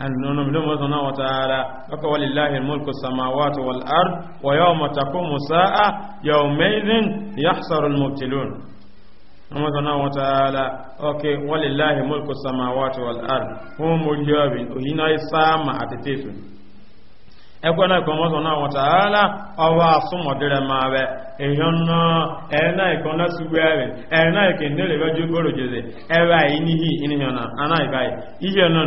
أنه من سبحانه وتعالى ولله الملك السماوات والأرض ويوم تقوم الساعة يومئذ يحصر المبتلون أما سبحانه وتعالى أوكي ولله ملك السماوات والأرض هم مجابين وهنا السامة أتتيسون ẹgbẹ́ náà ìkan mọ́sán náà wọ́n tààlà ọwọ́ àsúnmọ̀dẹ́rẹ́ máa rẹ̀ èèyàn náà ẹ̀ẹ́nà ìkan lọ́sùgbẹ́ rẹ̀ ẹ̀ẹ́nà ìkẹ̀ndẹ́rẹ́ lọ́jọ́ gbòròjẹ̀rẹ̀ ẹ̀rà ìníhì ìníyànnà anáìbáyì iye náà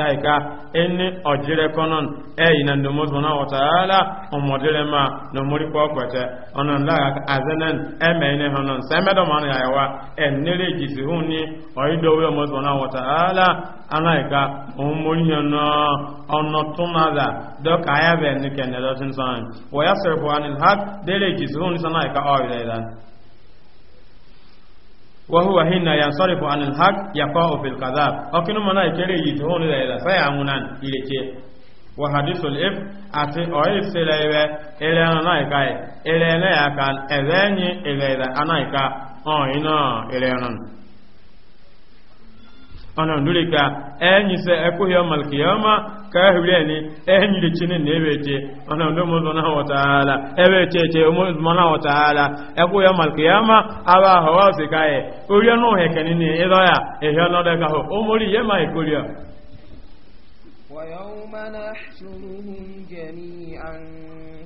daika eni ojire konon eyi na ndomo zona wataala omodire ma no muri ko kwete onon la azenen eme ne honon semedo man ya yawa enire jisi huni oido we anaika omori no ono ni kenelo tin san wa yasrifu anil haq dele وهو حين ينصرف عن الحق يقع في الكذاب أكن منا يكري يتهون إلى سيعمنا إلى وحديث الإف أتي أوي سيلايبة إلى أنايكا إلى أنايكا إلى أنايكا أنا إلى أنايكا ana nuri ka enyi se eku hiyo malkiyama ka hureni enyi de chini ne ana ndo mo zona wa taala ebe cheche mo zona wa taala eku hiyo malkiyama aba hawa se kae uriyo no hekeni ni edoya ehyo no de ka ho omori yema ikuriyo ويوم نحشرهم جميعا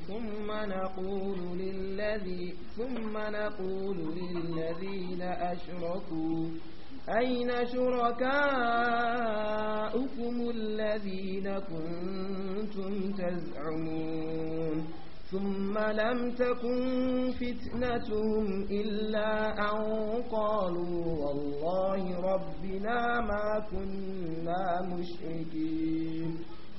ثم نقول للذي ثم نقول للذين أشركوا أين شركاؤكم الذين كنتم تزعمون ثم لم تكن فتنتهم إلا أن قالوا والله ربنا ما كنا مشركين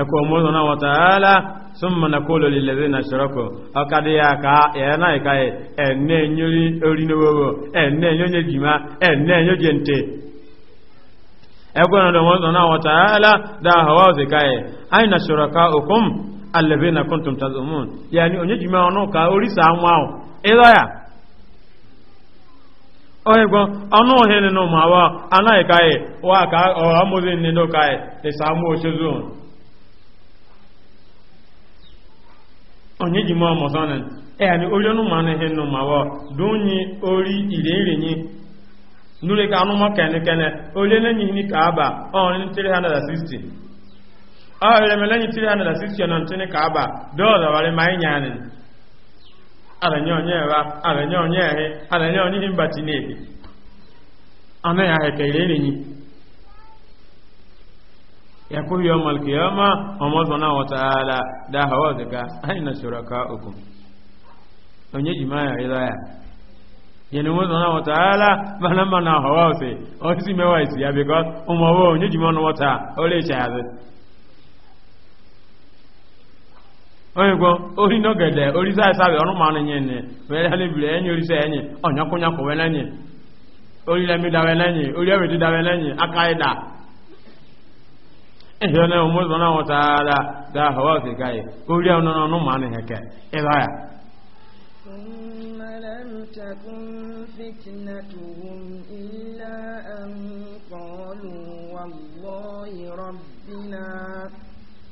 ẹkọ mọ́sán náà wọ́n tààlá súnmọ́ na kóòlò lílẹ̀dẹ́ na ṣọ́rọ́kọ̀ ọkàdíyà ká ẹ̀ẹ́nà ìka ẹ̀ẹ́nẹ́ nyórí orínúwọ́wọ́ ẹ̀ẹ́nẹ́ nyóyẹ jìmá ẹ̀ẹ́nẹ́ nyóyẹ ntẹ́ ẹkọ náà wọ́n tààlá dáhọ́wọ́ ọ̀sẹ̀ká ẹ̀ àìnà òkun alẹ́bẹ́ na kọ́ntùm tàzọ́mùn yàní onyójìmá ọ̀nà ká orísà àwọn àwọn ìlọ́yà ọ̀hẹ́gbọ́n ọ̀nà òhìn nínú ká ìsàmú onye ji mọ mọzanin ẹ̀yà ni ihe ọ̀nà ma ní ẹnu ma wọ́ dúnyi orí ìrẹ́ ìrẹ́ yìí núrí ka anúmọ́ kẹ́nikẹ́ni orí ẹlẹ́yìn ní kaaba ọ̀rin 360 ọ̀rin 360 ọ̀nà tí ní kaaba dọ́ọ̀lọ̀ wàrí ma ń yàní àrẹ̀yẹ onye ẹ̀rá ịnya onye ẹ̀hẹ́ onye ìbàtí ní èdè يقول يوم القيامة الله سبحانه وتعالى ده na أين شركاؤكم onye ya yẹni wọn sọ wọta ala mmanamma na ọhọwa ọsẹ ọsì mẹwàá ìsì ya onye ji mọnụ wọta ọlẹ ìṣe àzẹ. onye gbọ orí nọgẹdẹ oríṣà ìsàbẹ ọrùn mmanụ yẹn ni wẹrẹ alẹbìrẹ ẹni oríṣà ẹni ọnyakọnyakọ wẹlẹ ẹni aka ehene umuzona wataala da hawa ke kai ko riya nono no mane heke ebaya thumma lam takun fitnatuhum illa an qalu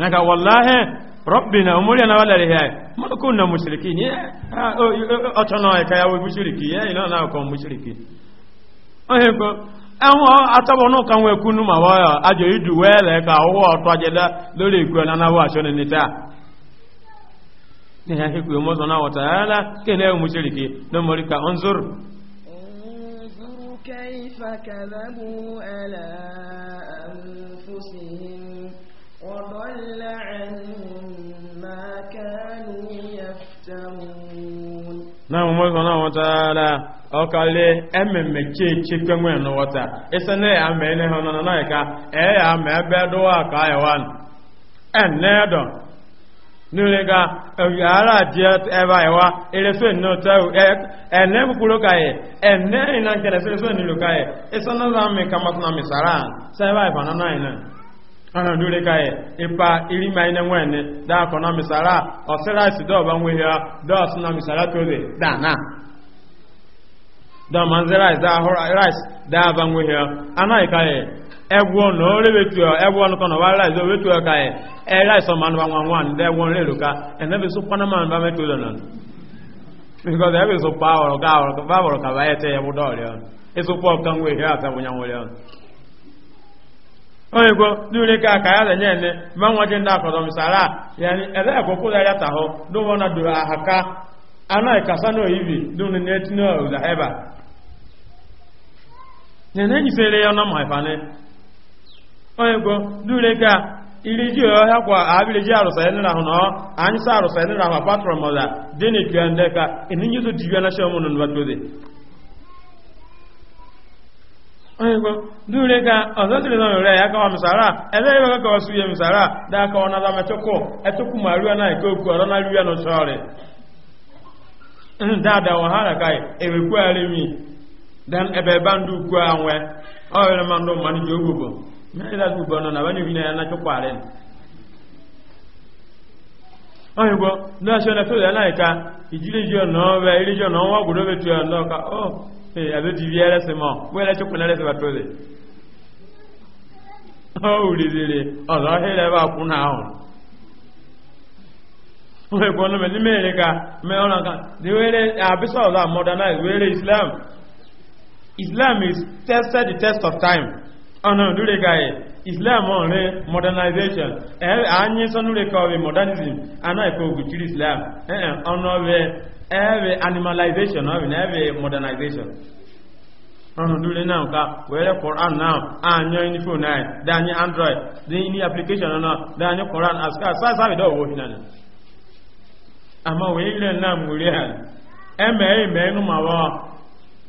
naka wallahi rabbina umuri na wala ya ka yawo mushriki ya ina na ko mushriki ohe ko àwọn atọ́bọ̀nù kan wọ ẹkú nù màwọ́ àjò ìdù wẹ́ẹ̀lẹ̀ ka owó ọ̀tọ́ ajẹ́dá lórí ìkú ẹ̀nà náwó àṣọ ní níta ní àkíkù ìmọ́sán náà وضل عنهم ما كانوا يفترون نعم سبحانه وتعالى ọkale ememme cheche kwenwe n'ụwata isi na ya mee ihe ọnụ na naịka eya ma ebe dụwa ka iwan enedo nuriga ara di ebe iwa ireso ina otu ene kwukwuru ka ya ene na nkere so iso nilu ka ya isi na zami kamasina misara sa ebe ifa na ana dure kaye ipa iri mai ne wene da ko na misala o sera si do ba nwe ya do su na misala to le da na da da rice da ba nwe ya ana kaye egwo no re betu egwo no kono wa rice do betu kaye e rice o man ba nwa nwa nde egwo re luka e be man ba na because onye gwo n'ure ka aka ya lenye ene ma nwa je ndị akọrọ misara ya ele agwụkwụ ya ya tahụ n'ụwa na dụrụ ahaka anaghị kasa na oyibi dụmụ na etinye ụza heba ya na enyi enyisere ya na maifane onye gwo n'ure ka iri ji ọhịa kwa abiri ji arụsa ya nira ahụ nọ anyị sa arụsa ya nira ahụ apatụrụ mọla dị na ikpe ndị ka enyi ịnụ nyizu dibia na shọmụ na nbatozi oyinbo dure ka ọzọtiri na ọrẹ ya kawa misara ẹlẹri wẹkẹ kawa suye misara daa kawa na dama ẹtọkọ ẹtọkọ ma ruwa na ẹkọ oku ọdọ na ruwa na Ndị dada wọn hara mi dan ẹbẹ ba ndu ku ma mmanụ ji mmiri nọ na na ya na chọkwa ndị ọsọ na fẹlẹ na ịka ijiri ji iri ji ya ndị oh, ee abe ti viɛ lɛsɛ mɔ bóyá lɛsɛ kuna lɛsɛ ba tó le ɔwuli zele ɔzɔ he lɛ ba kuna o wọ́n èkó ọ̀nà mẹ́ni mẹ́rin ká mẹ́rin ọ̀nà kan ní wẹ́rẹ́ àbísọ̀ ọ̀la modernize wẹ́rẹ́ Islam Islam is tested the test of time ọ̀nà ìdúró ká yẹ Islam ọ̀rẹ́ modernization ẹ̀ àányísọ́nù rẹ̀ kọ́ ọ̀rẹ́ modernism àná ìkọ̀ ògùn Islam ọ̀nà eh, eh, ọ̀rẹ́ every animalization of in every modernization ọ̀nà lórí náà ká wẹ́rẹ́ koran náà àyàn ní fún náà dáyé android ní application náà dáyé koran ascar sáàsáàbìdá owó hìnà náà wẹ́rẹ́ náà múrí ẹ̀ ẹ̀mẹ́ ẹ̀mẹ́ inú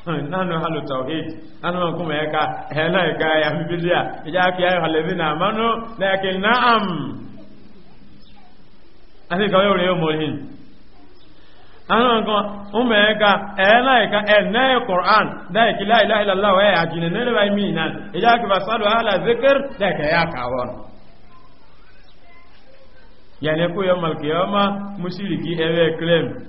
nanu halu tawhid anu man kuma yaka hela yaka ya bibilia ya ki ayu na amanu lakin na'am ani ka yo yo mohin anu man kuma umma yaka hela yaka enne qur'an da ki la ilaha illallah wa ya jin ne ba mi nan ya ki basalu ala zikr da ka ya ka won yani ko yo kiyama musiriki ewe claim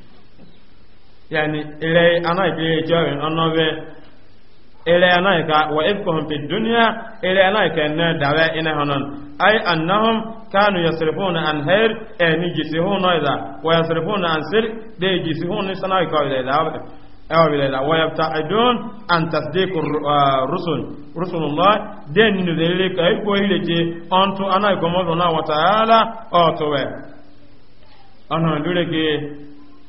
yani ilẹ̀ anáìkiri ìjọ rẹ̀ ọ̀nà bẹ́ ilẹ̀ anáìka wà ifkọ̀hún fi dúníà ilẹ̀ anáìka ẹ̀nà dàrẹ́ iná hànán ay annahum kanu yasrifuna an hayr ẹni e jisihun idha wa yasrifuna an sir de jisihun ni sana ikaw ila e ila aw ila ila wa yabta'idun an tasdiq rusul rusulullah den ni de ile kai ko ile je onto anaiko mo na wa ta'ala o to we ana lure ke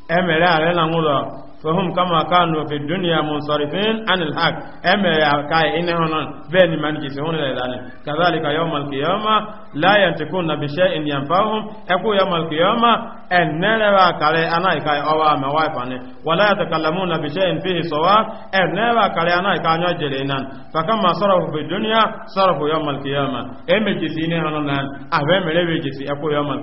emere are na nwụlọ fahum kama kanu fi dunya munsarifin anil haq emere kai ina hono beni man kisi hono la ilani kadhalika yawm al qiyama la yantakun bi shay'in yanfa'uhum aku yawm al qiyama enere wa kare anai kai owa ma wa fane wala yatakallamuna bi shay'in fihi sawa enere wa kare anai kai anyo jere nan fa kama sarafu fi dunya sarafu yawm al qiyama emere kisi ina hono nan abe mere be kisi aku yawm al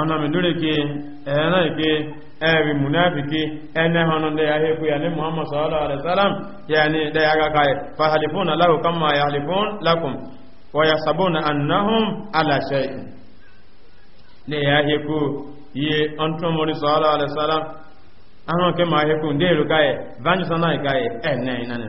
ana midure ke ena ke ewi munafiki ene hono de ahe ku yani muhammad sallallahu alaihi wasallam yani de aga kai fa halifuna lahu kama yahlifun lakum wa yasabuna annahum ala shay'in ne yahe ku ye onto mori sallallahu alaihi wasallam ana ke ma he ku de ru kai vanju sanai kai ene inane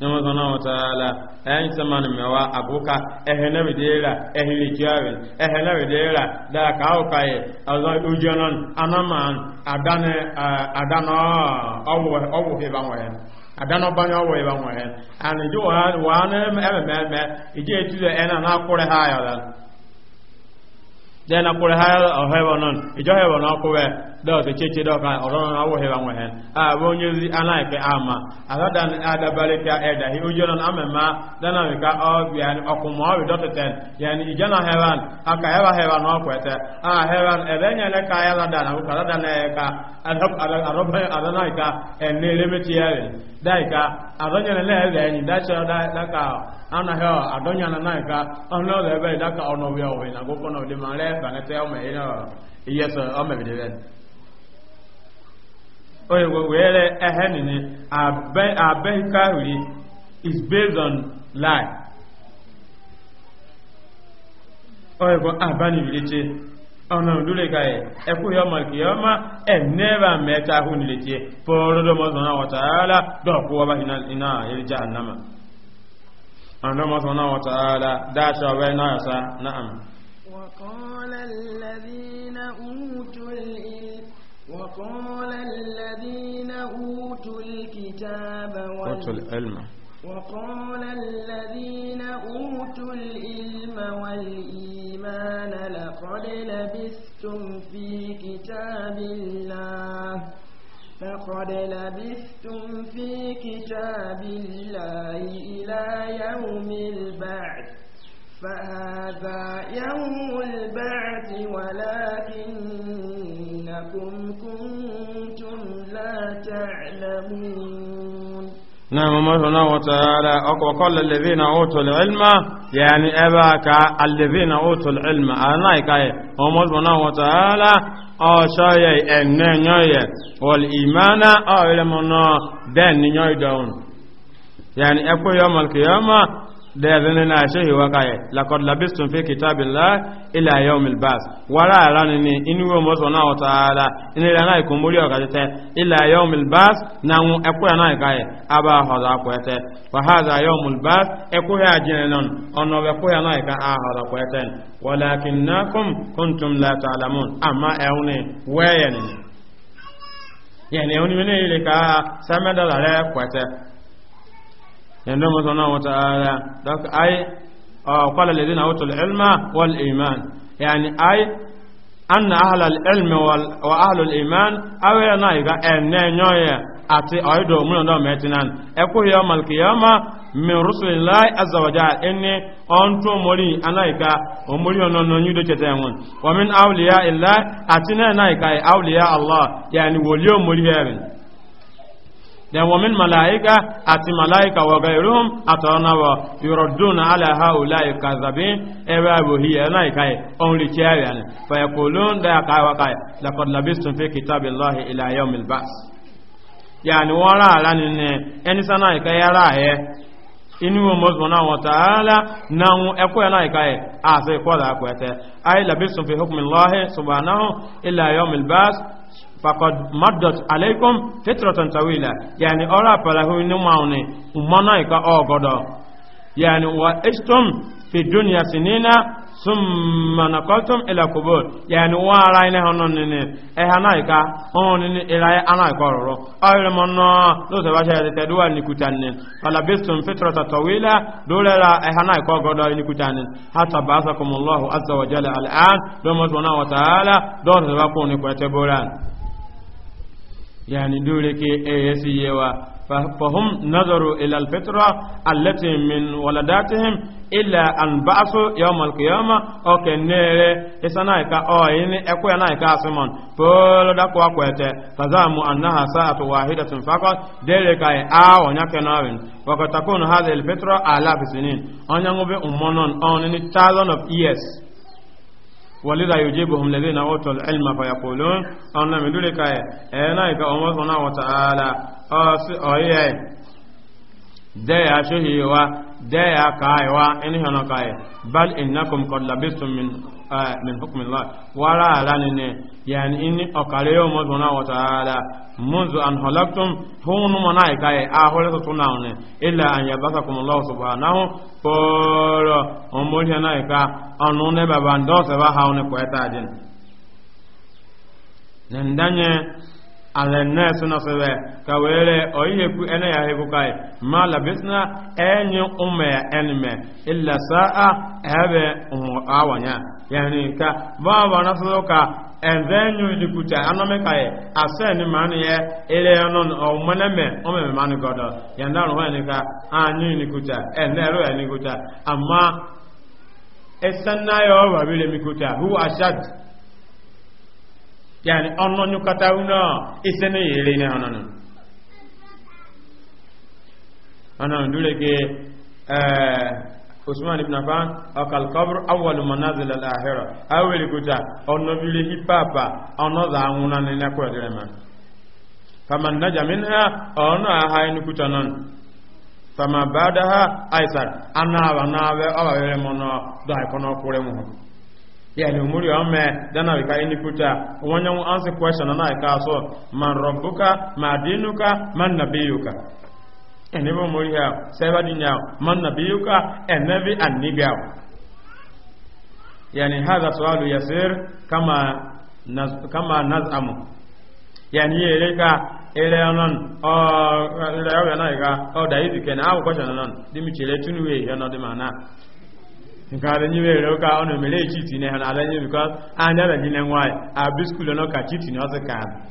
nyɔmɔ sɔn na wata la ɛyɛn sɛma ni mɛ wa a ko ka ɛhɛn na bi de la ɛhɛn le diya bi na bi de la da ka ka ye o ana ma a da a da ɔwɔ ɔwɔ fi ba a ba ɔwɔ ba ani wa wa ne ɛmɛ mɛ mɛ tu de ɛna n'a kɔrɛ ha dena kure ha ohewa non ijo hewa no kuwe do te cheche do ka orono na wo hewa ngwehen a bo nyuzi anaike ama abadan adabale ka eda hi ujo non amema dana mi ka o bian okumo wi do ten yani ijo na hewan aka hewa hewa no kwete a hewan ebenya le ka ya dana ku ka dana ka adab adab adana ka enele metiare dai ka adonyana lebe enyi dacha daka anaghị adonyana na nka ọnụ ebe daka ọnụ ya ọdụ na gwụkwọ na ụdị ma lee ọma ihe so ọ ya oye were ehenini abehikahuri is based on lie oye abani ọ̀nà lórí ka yẹ ẹkú yọ ọmọ ìkìyà ọmọ ẹ nẹ́ẹ̀bà mẹ́ta hù nílé tiẹ̀ fọ́ọ̀rọ̀dọ̀mọ́sọ̀nà wọ̀tàálà dọ̀kú ọba iná ìrìjà ànámà ọ̀dọ̀mọ́sọ̀nà wọ̀tàálà dáṣọ ọba iná ọ̀sá náà. وقال الذين أوتوا وقال الذين أوتوا العلم والإيمان لقد لبثتم في كتاب الله لقد لبثتم في كتاب الله إلى يوم البعث فهذا يوم البعث ولكنكم كنتم لا تعلمون نعم الله سبحانه وتعالى وقال الذين أوتوا العلم يعني أباك الذين أوتوا العلم أنايك الله سبحانه وتعالى أشياء النية والإيمان أعلمنا دين نية دون يعني أكو يوم القيامة dẹ́ẹ̀dẹ́ni náà ṣe ìwọ́ka ẹ̀ lakọ̀dùlábí tún fi kìtàbílá ilẹ̀ ayọ́ milbas wàrà àrá ni ni inú wọn mọ́sọ̀ náà wọ́ta ara inú ilẹ̀ náà ikú múrí ọ̀gá tẹ́tẹ́ ilẹ̀ ayọ́ milbas na wọn ẹkú ẹ̀ náà ìka ẹ̀ abá ọ̀dọ̀ akọ̀ ẹ̀tẹ́ wàhálà ayọ́ milbas ẹkú ẹ̀ àjẹrẹ náà ọ̀nà ẹkú ẹ̀ náà ìka ahọ̀dọ̀ akọ̀ ẹ̀tẹ́ wàlákìnnákùn kùntùm látàlámùn yanda mu sanar wata ala dok ai ah, qala alladhina utul ilma wal iman yani ai anna ahla al ilmi wal wa ahlu al iman awela na iga enne nyoya ati oido mu ndo metinan eku ya mal qiyama min rusulillahi azza wa jalla inni onto mori anaika omori onono nyudo chetenwon wa min awliya illa atina naika awliya allah yani woliyo mori heaven then wa min malaika ati malaika wa gairuhum atana wa yuraduna ala haula'i kadhabin ewa bo hiya na kai only chair yani fa yaqulun da kai wa kai laqad labistum fi kitabillahi ila yawmil ba's yani wara ala ni ne eni sana kai ara ye inu wa mazmana wa ta'ala na eko na kai a sai ko da ko ete ai labistum fi hukmillahi subhanahu ila yawmil ba's fakod maddot alaikum fitratan tawila yani ora palahu ni mauni umana ika ogodo yani wa ishtum fi dunya sinina summa naqaltum ila qubur yani wa raina honon ni e hana ika on ni ila ana ika roro ayre monno lo se ba se te duwa ni kutanin fala tawila dolela e hana ika godo ni kutanin hatta ba'athakum Allahu azza wa jalla al'an do mo wa ta'ala do se ba ko ni يعني دولك ايسي فهم نظروا إلى الفطرة التي من ولداتهم إلا أن بعثوا يوم القيامة أو كنير إسانايكا أو إن أكو ينايكا سمون فولو داكو أكويت فزاموا أنها ساعة واحدة فقط ذلك أي آو نكناوين وقد تكون هذه الفطرة في سنين أن ينبي أمونون أو نيني thousand of years ولذا يجيبهم الذين أوتوا العلم فيقولون أن من ذلك أنا إذا أمر سبحانه وتعالى أي دايا شهيوا دايا كايوا إنهنا كاي بل إنكم قد لبستم من min hukmillah wara ala nene yani inni okare yo mo zona wa taala منذ أن خلقتم هون منايكا أهول تناون إلا أن يبثكم الله سبحانه فور أمور هنايكا أنون بابان دوس بهاون كويتاجن نندنye ala nẹẹsì náà sẹbẹ kàwéèrè ku ume saa awanya. yani ka ba ba na so ka enzenyu dikuta anome ka ye asen man ye ele anon o maname o me man godo yanda ro ni ka anyu e dikuta enero ni dikuta amma esanna yo ba bile mikuta hu ashad yani ononyu kata uno isene yele ne onono ana ndule ke eh usman ibn affan ọkal kọbr awọl manazil al-ahira awere kuta ọnọbili hipapa ọnọza anwụna nina kwedere ma faman naja minha ọnọ aha enukuta nan fama badaha aisar anawa nawe ọbawere mọ nọ dọ ikọnọ kwụrụ mụ yani umuri ome dana wika ini kuta wanyangu ansi question na na ikaso man rabbuka ma dinuka man nabiyuka ene bo mo ya seba dinya man nabiyuka enabi annibiya yani hadha sualu yasir kama naz, kama nazamu yani ere ka ere anon o ele o na ga o da idi na dimi ya no de mana nkare nyiwe ere ka ono mele chiti echi na ala because nwa a biskulu ka ka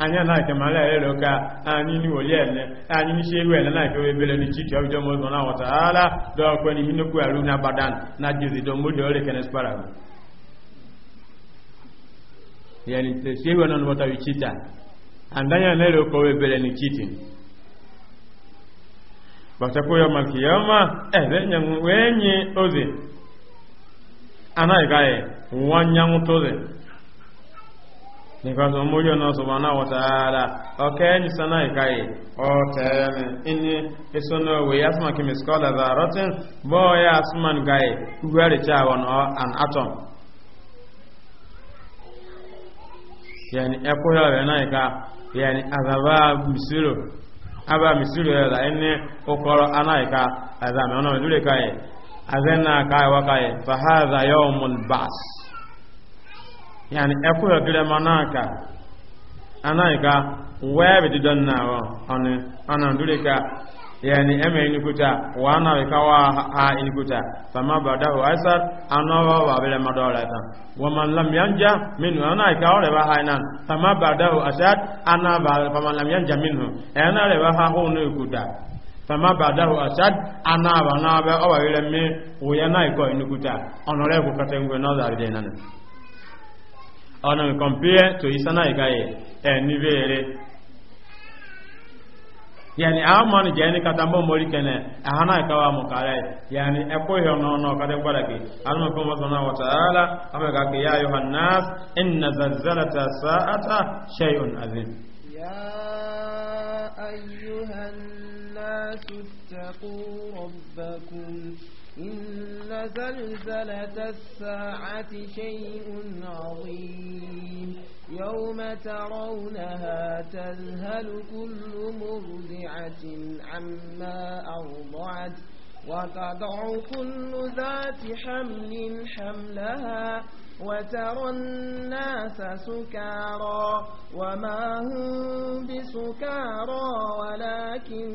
anya na nke mara erere ka anyị ni woli ene anyị n'isi ewu ene na nke obele ni chike obido mozọ na ọtaala dọkwe n'ihi nnukwu arụ na badan na jizido mmodo ore kenes parago yani tesi ewu ene nwata wichita andanya na erere ka obele ni chitin bàtẹ́kù yọ màkì yọ ma ẹ̀rẹ́ nyẹ̀wò wẹ́ẹ́ nye ozi anáyìká yẹ wọ́n nyẹ̀wò tó nìkan tó mórí ọ̀nà ṣùgbọ́n náà wọ̀tàrà ọkẹ́ ẹni sánà ìkáyè ọ̀tẹ̀ẹ̀mì inú ìsúná òwe yasma ya zarotin bọ́ọ̀yà asman gáyè gbẹ́rìchá wọn an atom yẹni ẹkùnrin ọ̀rẹ́ náà ìka yẹni àzàbà misiro abà misiro ẹ̀rọ ẹni okọrọ anáìka àzàmì ọ̀nà ìdúrè káyè àzẹ́nà káyè wákàyè fahaza yawmul ba's yani ekuyo gire manaka anaika webe didon nawo oni ana ndurika yani eme inikuta wana wika wa ha inikuta fama badahu aisar anawa wa bile madola ta wa man lam yanja minhu anaika ole wa hainan fama badahu asad ana ba fama lam yanja minhu ana le wa ha hunu ikuta fama badahu asad ana wa na ba wa bile mi wo yana iko inikuta onore ko katengwe no za bile nanan ọ̀nà compare to ìsáná ìgáyẹ̀ ẹ̀ níbẹ̀ eré yani a man jeni kata mo mori kene a hana kawa mo kare yani e ko yo no no kare bara ki alma ko wa taala ama ga ki ya ayuhan nas inna zalzalata sa'ata shay'un azim ya ayuhan nas ittaqu rabbakum إن زلزلة الساعة شيء عظيم يوم ترونها تذهل كل مرضعة عما أرضعت وتضع كل ذات حمل حملها وترى الناس سكارى وما هم بسكارى ولكن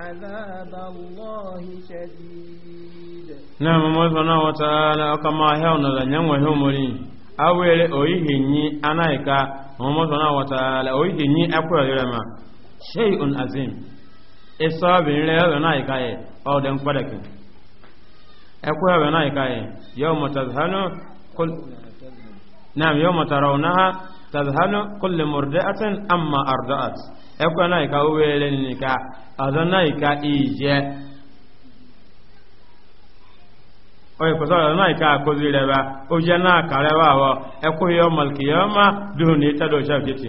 عذاب الله شديد نعم مولانا وتعالى كما هيونا لنيان وهمري awere oyihenyi anaika mọmọsọna wataala oyihenyi akwẹrẹrẹma sheyun azim isọbinrin ẹrọ náà ikaye ọdẹ nkpẹdẹkin ẹkwẹrẹ náà ikaye yọọ mọtazhanu كل نعم يوم ترونها تذهل كل مرضعة أما أرضعت أكو نايكا ويلنكا أذن نايكا إيجي oye kò sọ̀rọ̀ náà ìka àkóso rẹ̀ wa ó jẹ́ náà kàrẹ́wà wọ ẹkú yọmọlùkì yọmọ dùn ní tẹ́lẹ̀ òṣèlú kìtì.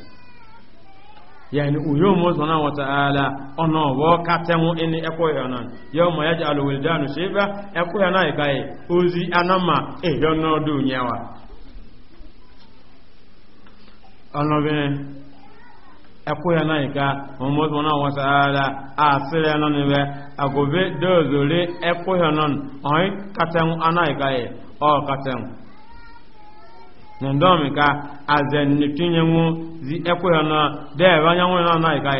yani uyomo zona wa ta'ala ono wo katemu ini ekoyonan yawma yaj'alu wildanu shiba ekoyana ikai ozi anama eyono dunyawa ono bene ekoyana ika omo zona wa ta'ala asire no nibe agobe dozole katemu o katemu ndomi ka azenitunyenwu zi ekwehona debe anyanwụ na anaghị ka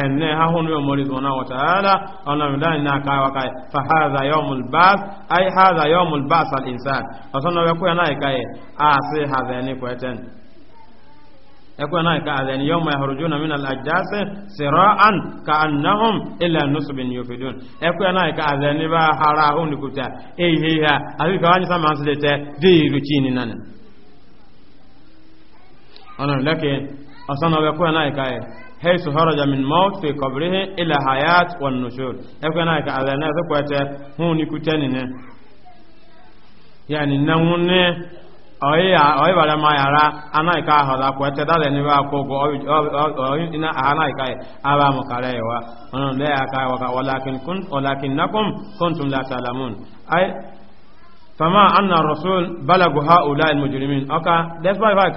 ene ha hụrụ ya mori zụna wataala ọnọmdani na aka wa ka fa haza yomul bas ai haza yomul bas al insan ọsọ na ekwe anaghị ka asị haza ni kweten ekwe anaghị ka azeni yom ya hụrụ juna min al ajasi siraan ka annahum ila nusubin yufidun ekwe anaghị ka azeni ba hara ahụ nikuta ehihe ha azụ ka wanyisa ma nsị dete dị iru chini nanin onu lakin asana be ko na kai hay su haraja min maut fi ila hayat wan nushur e ko na ka ala na ko ta huni kutani ne yani namune oya oya bara ma yara ana ka ha da ko ta dale ni ina ana ka aba mu kare wa anan da ya ka walakin kun walakin nakum kuntum la talamun ai fama anna rasul balagu haula al mujrimin aka that's why why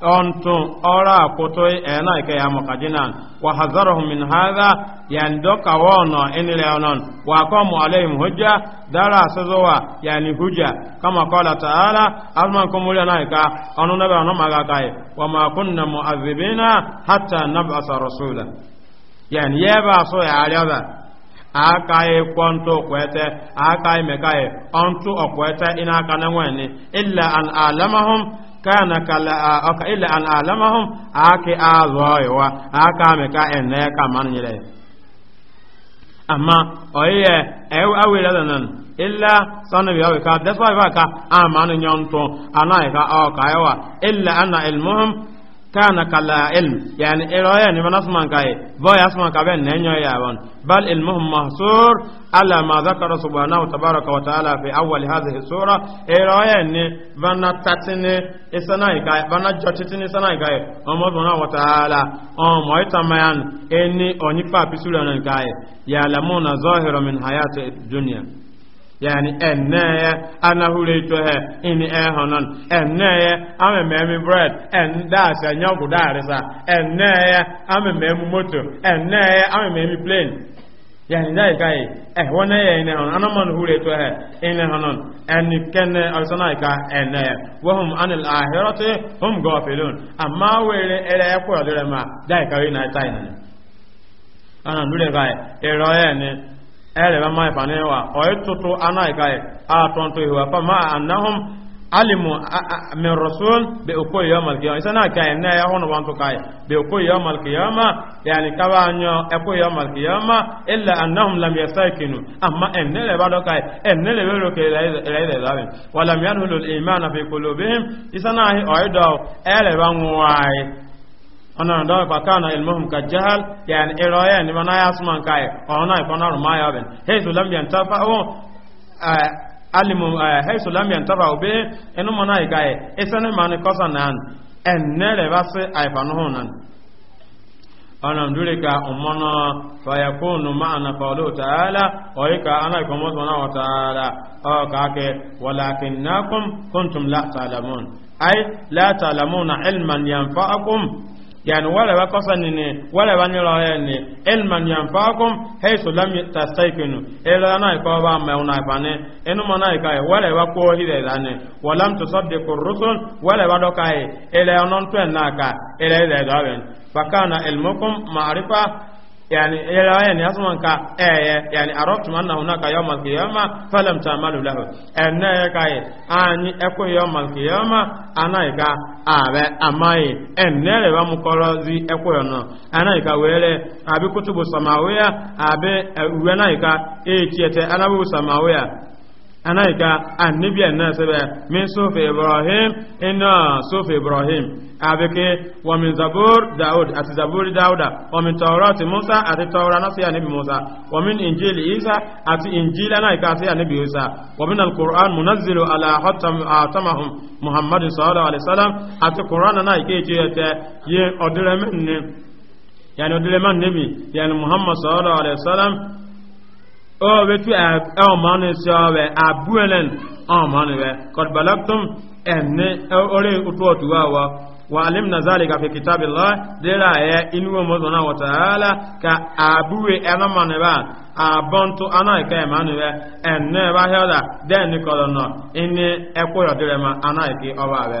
ontun ora koto ena ike ya mukajina wa hazarahum min hadha yani doka wono enile onon wa qamu alaihim hujja dara sazowa yani hujja kama qala ta'ala azman kumuli anaika onuna ba onoma gakai wa ma kunna mu'adhibina hatta nab'asa rasula yani yeba so ya aliyaza akaye kwanto kwete akaye mekaye ontu okwete ina kana illa an alamahum kana kala aka illa an alamahum ake azaiwa aka me ka enne ka man yire amma oye ewu awira nan illa sanu bi awika that's why ka amanu nyonto ana ka o ka yawa illa anna ilmuhum kana kala ilm yani iroya ni manas man kai boya asman ka ben nenyo ya won bal ilmuhum mahsur ala ma zakara subhanahu tabaraka wa taala fi awwal hadhihi sura iroya ni bana tatini isana kai bana jotitini isana kai omo subhanahu wa taala omo itamayan eni onyi papi sura nan kai ya lamuna zahira min hayati dunya yani enneye anahuleitohe ini ehonon enneye amememi bread endase nyogudarisa enneye amememi moto enneye amememi plane yani dai kai eh wona ye ne hon anaman hure to he ene honon en kenne alsana ka ene wa hum anil ahirati hum ghafilun amma were ere ko dole ma dai kai na tai na ana dure kai ero ye ne ele ba mai e fane wa o e tutu ana e kai a ton to wa fa ma annahum alimu min rasul bi uko yawm al qiyamah sana kai na ya hono wanto kai bi uko yawm al qiyamah yani kawa nyo e ko yawm al qiyamah illa annahum lam yasakinu amma enne le ba do kai enne le wero ke la la la wa lam yanhulu al iman isana hi oido ele ba ona ndo ba kana ilmuhum ka jahal yani iraya ni mana ya suman kai ona ifona ruma ya ben hezu lam yantafa o alimu hezu lam yantafa obe enu mana igai esene mani kosa nan ennele basi ifanu hunan ana ndure ka ummana fa yakunu ma'ana qawlu ta'ala wa yaka ana ikomo subhanahu wa ta'ala o ka ke walakinnakum kuntum la ta'lamun ay la ta'lamuna ilman yanfa'akum yani wala ba kosa nini wala ba nilo yani ilman yanfaakum haythu lam tastaykinu ila na ko ba ma una fane enu ma na kai wala ba ko hire dane walam tusaddiqu ar-rusul wala ba do kai ila non to fakana ilmukum ma'rifa yani yala yani asman ka eh, eh yani arabtum anna hunaka yawm al-qiyama falam ta'malu lahu anna yakai ka anyị yawm al-qiyama anaika abe amai enere ba mukorozi eko yono anaika wele abi kutubu samawiya abe eh, wenaika echiete eh, anabu anaika annabi annasaba min sufi ibrahim inna sufi ibrahim abike wa min zabur daud ati zabur dauda wa min tawrat musa ati tawra nasi annabi musa wa min injil isa ati injil anaika ati annabi isa wa min alquran munazzilu ala hatam atamahum muhammad sallallahu alaihi wasallam ati qur'an anaika ejete ye odire men yani odire man nabi yani muhammad sallallahu alaihi wasallam o oh, wetu uh, ọmọnụ oh, si uh, ọwe uh, abụelen ọmọnụ oh, we kọdbalaktum ẹni orí otu otu wawa wa alim na zalika fi kitabi lọ dira ya inu omozo na wataala ka abuwe ẹna manu ba abọntu ana ika emanu we ẹni ba hioda dẹni kọlọ nọ ini ẹkwụyọ direma ana ike ọba we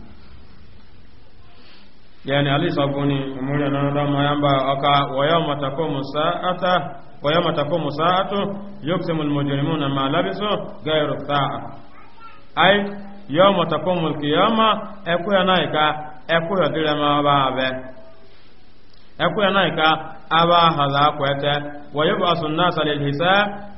yani alisa buni umuri anadamu mayamba aka wayawma takumu saata wayawma takumu saatu yuksimu almujrimuna ma labisu ghayru saa ay yawma takumu alqiyama ekuya naika ekuya dilema babe ekwe naika aba haza kwete wayobu asunna salil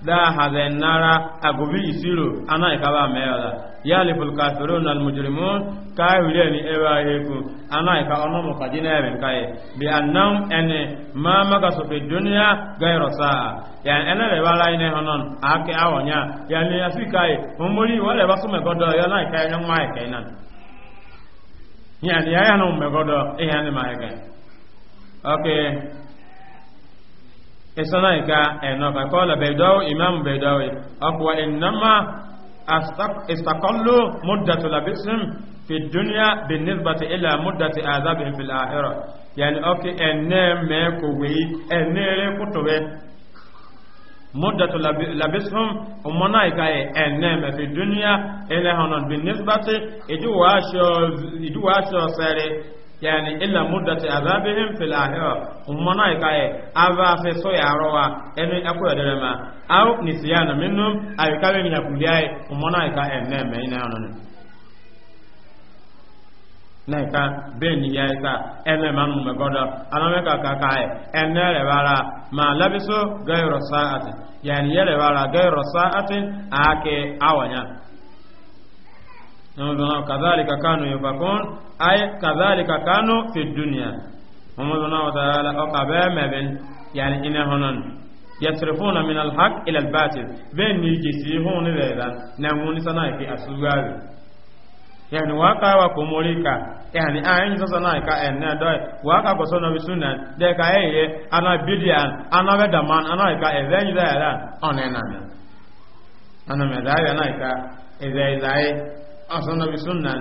da haza nara agubi isiru anaika ba meyala yaliful kafirun al mujrimun kafire ni heku anaika ebe mu eku. ben bi annam ene ma maka fi eni, gairo saa ya ene le bala ine honon ake awonya ya ni wale basume godo ya ya ni godo ni okay isana ika eno ba kola baydawi imam baydawi akwa innama istaqallu muddatu labisim fi dunya bi nisbati ila muddati azabihim fil akhirah yani okay enne me ko we enne re kutobe muddatu labishum umona ikaye enne me fi dunya ila hanan bi nisbati idu washo idu washo sare yani illa muddati azabihim fil akhirah ummana ikaye ava fe so ya rowa enu akwa derema aw nisyana minnum ay kawe minya kuliai ummana ikaye neme ina yonon naika beni ya ika ene manu megodo anameka kakae ene rebara ma labiso gairo saati yani yele bara gairo saati ake awanya nọmọdúnà kàzálìkà kánú yòókàkún ayé kàzálìkà kánú fi dúnìá mọmọdúnà wàtàlá ọkà bẹ́ẹ̀ mẹ́bẹ́n yàrá iná hànán yasrifuna min alhaq ila albatil bẹ́ẹ̀ ni jesi hún rẹ̀ rà nàwọn onísànà ìfi àsúgbárì yani waka wa kumulika yani ayin sasa na ka enne doy waka ko sono bisuna de ka eye ana bidian ana weda man ana ka even da ya ana me da ya asana bi sunna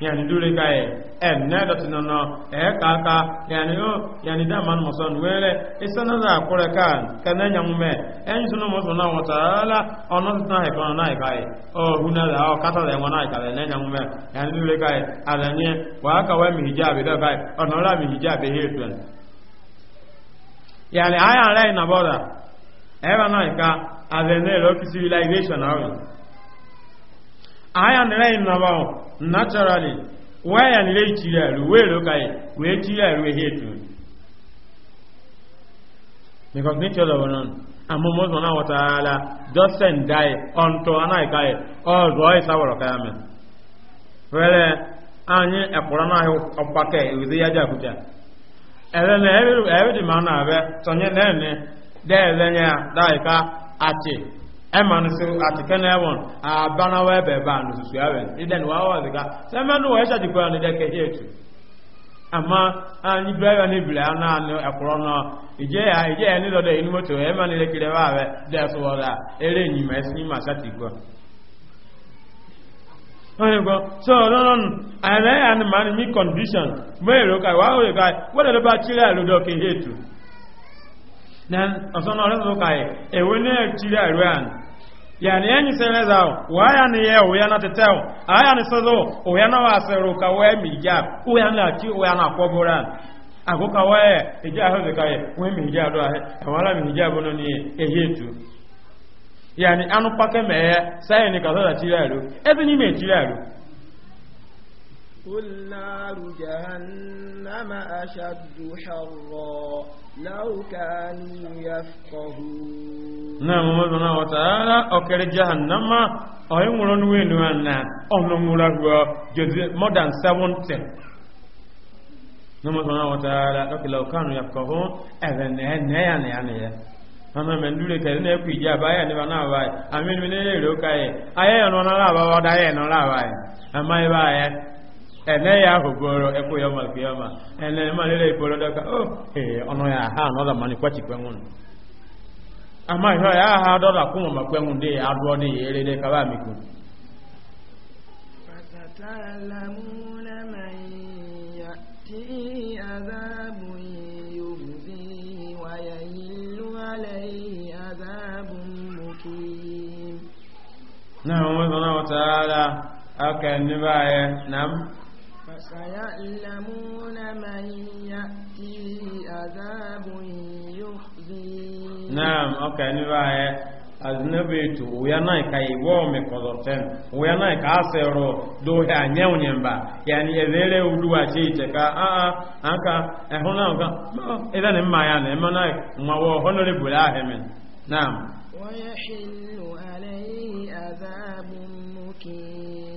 yani dure en na da e eh, ka yani yo oh, yani da man mo were isana da kore kan kana nyamume en sunu mo sona wa ono tuna he kono nai o oh, huna da o oh, kata da ngona kaye ne nyamume yani dure kaye alanye wa ka wa mi hijabi da kaye ono la mi hijabi he tun yani aya boda nai ka aya nere nnọba naturally wee ya nere ichiri arụ wee roka ya wee chiri arụ ehe etu because nature of anon amma muslim na wata ala just send die onto ana kai all the oil sawara kai amen wele anyi ekwara na ahụ ọgbakọ ewuzi ya ji abuja ebe na ebe dị ma na abe sonye na ene dee elenye ya daika achi ɛma no so ateke na ɛwɔn aba na wɔyɛ bɛɛba no susu awɛn ɛdɛ no wɔawɔ de ka sɛ ɛma no wɔyɛ hyɛ dikora no dɛ kɛhɛ etu ama a ni bɛrɛ ne bila ana ne ɛkorɔ no ìjẹ yà ìjẹ yà nílò dɛ inú mɔtò ɛma ne lekele wa bɛ dɛ so wɔ la ɛrɛ nyima ɛsi nyima hyɛ dikora wọ́n yẹ so lọ́nà àìrẹ́ àni màá ni mi condition bó èrò ká wàá wòye ká wọ́n lè bá tírí àìlódò kéhé ètò. ọ̀sán náà ọ̀rẹ́ sọ̀rọ̀ ká ẹ̀ náà tírí yani yenyi selezao wayani ye uyana teteo ayani sozo uyana waseruka we mija uyana ki uyana kobora ka we eja hoze kaye we mija do ahe wala mija bono ni eyetu yani anu pake me sai ni kazola tiraru ezi ni me tiraru نار جهنم أشد حرا لو كانوا يفقهون نعم مدنا وتعالى أكر جهنم أي وين وانا أنا مرغ جزء مدن سبنت نعم مدنا وتعالى أكر لو كانوا يفقهون أذن نعم نعم ama mɛ ndule kɛlɛ ne kpi dza ba ne ba na ba yɛ ami ne ne yɛ ka yɛ ayɛ yɛ nɔ na la ba wɔ da yɛ nɔ la ba yɛ ama yɛ ba yɛ ene ya hụgoro ekweghị malkiyama ene malele ikporo dọka o oh, ee ọnụ ya ha anọda mani kwachikwe nwụnụ ama ihe ya ha dọla kwụmụ ma kwenwu ndị ya adụọ dị ya erere kaba amiku فستعلمون من يأتيه فسيعلمون من يأتيه عذاب يخزيه نعم أوكي نباية azinabeitu uyanai ka iwome kozoten uyanai ka asero dohe anyeu nyemba yani ezere uduwa chite ka aa anka ehuna anka ida ni mmaya na emanai mwawo honorable ahemen naam na عليه عذاب مكين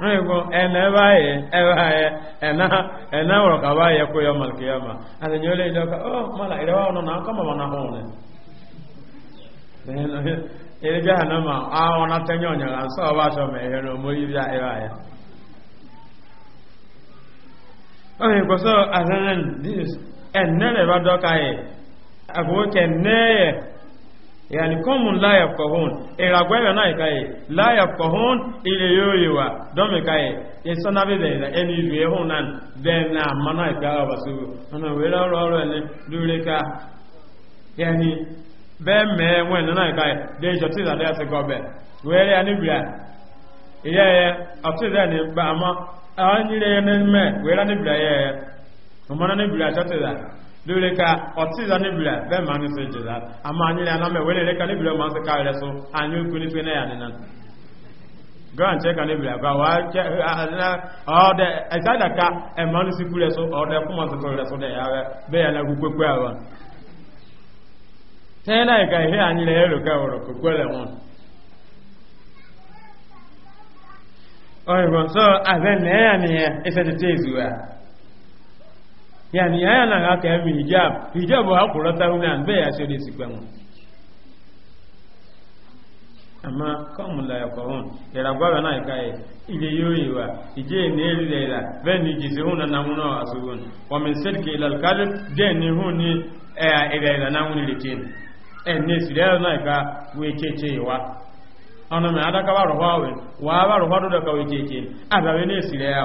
n'oyinbo ene baye ebaye ena ena woro ka baye kuyo malkiyama ane nyole ndo ka oh mala ile wao na kama wana hone then ile jahannama a ah, ona tenyonya la so ba so me he no moyi bia ebaye oye ko so azanan this ene le ba do kai e. agwo ke ne yani komun la yafqahun ira e, gwawe na kai la yafqahun ile yoyewa don me kai e sona be da eni iwe na mana e, ka ba su ana o la ro ro ni dure ka yani be me wen na kai de jo ti da se go be we re bia iya ye that ni ba ama anyi re ne me we ra ni bia ni bia lórí ka ọtí ìlànà ìbílẹ̀ bẹ́ẹ̀ máa ní sọ ìjìlá a máa nílẹ̀ anámẹ́ wẹ́lẹ̀ lẹ́ka níbílẹ̀ máa ń sẹ́ka rẹ̀ sọ àní ó pínlẹ̀ pínlẹ̀ yà nínú grand cheka níbílẹ̀ bá wà ọ̀dẹ̀ ẹ̀sádàka ẹ̀ máa ní síkú rẹ̀ sọ ọ̀dẹ̀ fún máa sọ̀kọ̀ rẹ̀ sọ dẹ̀ yà rẹ̀ bẹ́ẹ̀ yà lẹ́kú pépé àwọn tẹ́lá ìka ìhé ànílẹ̀ ẹ̀rọ ká ọ̀rọ̀ kò gbẹ́lẹ̀ wọn ọ̀rọ̀ sọ yani aya na aka eme hijab hijab ha kwụrọta ume a mbe ya si onye sikwe nwa amma kọmụ la ya kọrọ yara gwara na ika yi ile yoyi wa ije ne rire ila bẹ́ẹ̀ ni jise hun na hun na asu hun wa min sirki ila alkalib de ni hun ni ẹya e, ila ila na hun rikin ẹ e, ne sire na ika wekece wa ọnà mi adaka wa rọwa we wa ba rọwa dodo ka wekece abawe ne sire ya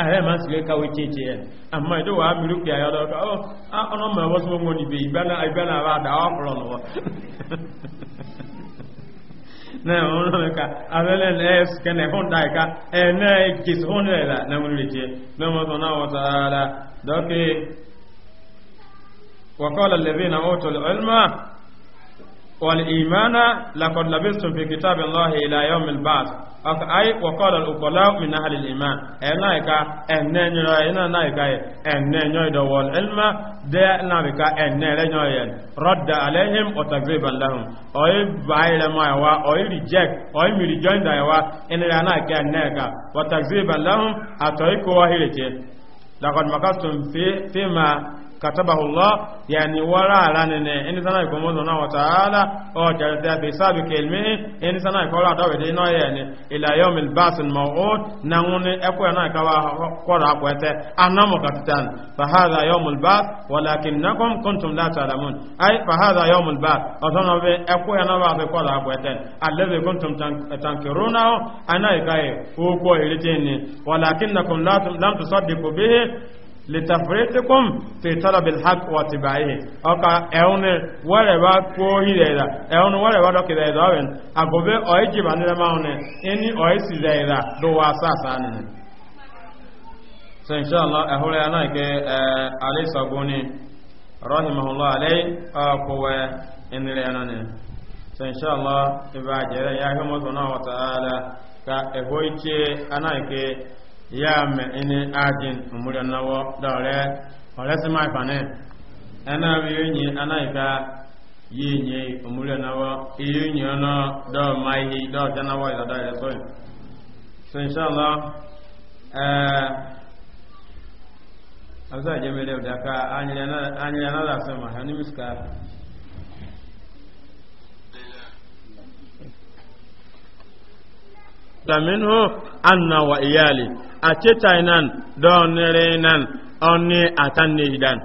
ahịa ma sịrị ka wee ya amma ịdị wa ụkwụ ya ọdọ ọnụ ma ọwọ sọ nwe ibe ibe na ibe na aba ada ọkụrụ n'ụwa na ọnụ na ka abele na es ke na hon dai ka e na kis na na mmiri che na ma sọ na wata ala doke wa qala alladhina والإيمان لقد لبستم في كتاب الله إلى يوم البعث أي وقال الأقلاء من أهل الإيمان أنايكا أنن يرى أنايكا أنن دو العلم، ده نبيكا أنن يرى رد عليهم وتكذيبا لهم أي بايل ما يوا أي ريجك أي مريجون ده يوا إن أنايكا أنايكا وتكذيبا لهم أتويكوا هيلتي لقد مكستم في فيما katabahu Allah yani wara ranene eni sana ikomozo na wataala o jarda bi sabi kelmi eni sana ikola dawe de no yani ila yawmil basil maw'ud na ngune eko na kawa kora kwete anamo katitan fa hadha yawmul bas walakinnakum kuntum la ta'lamun ai fa hadha yawmul bas ozono be eko na ba be kora kwete allazi kuntum tankiruna ana ikaye ko ko iritini walakinnakum la lam tusaddiqu bihi litafritikum fi talabil haq wa tibaihi oka eune wareba ko hireda eune wareba do kidai do ben agobe oiji banira maune eni oisi zaida do wasasa ne so inshallah ahore ana ke ali sabuni rahimahullah alai akwa enire anane so inshallah ibajere ya himu subhanahu wa ta'ala ka ehoiche ana ke ya me ini ajin umuri nawo dore oresi mai fane ana bi ana yi nye umuri nawo yi nye no ma ihe hi do janawo ida da so so inshallah eh azza jemele da ka anyele faminhu anna wa iyali a ce tainan don renan onni a tan hidan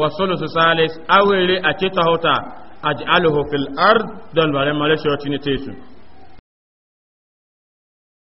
wasu su salis awere a ce tahota a ji alhu fil ard don bare mare shi wacce ne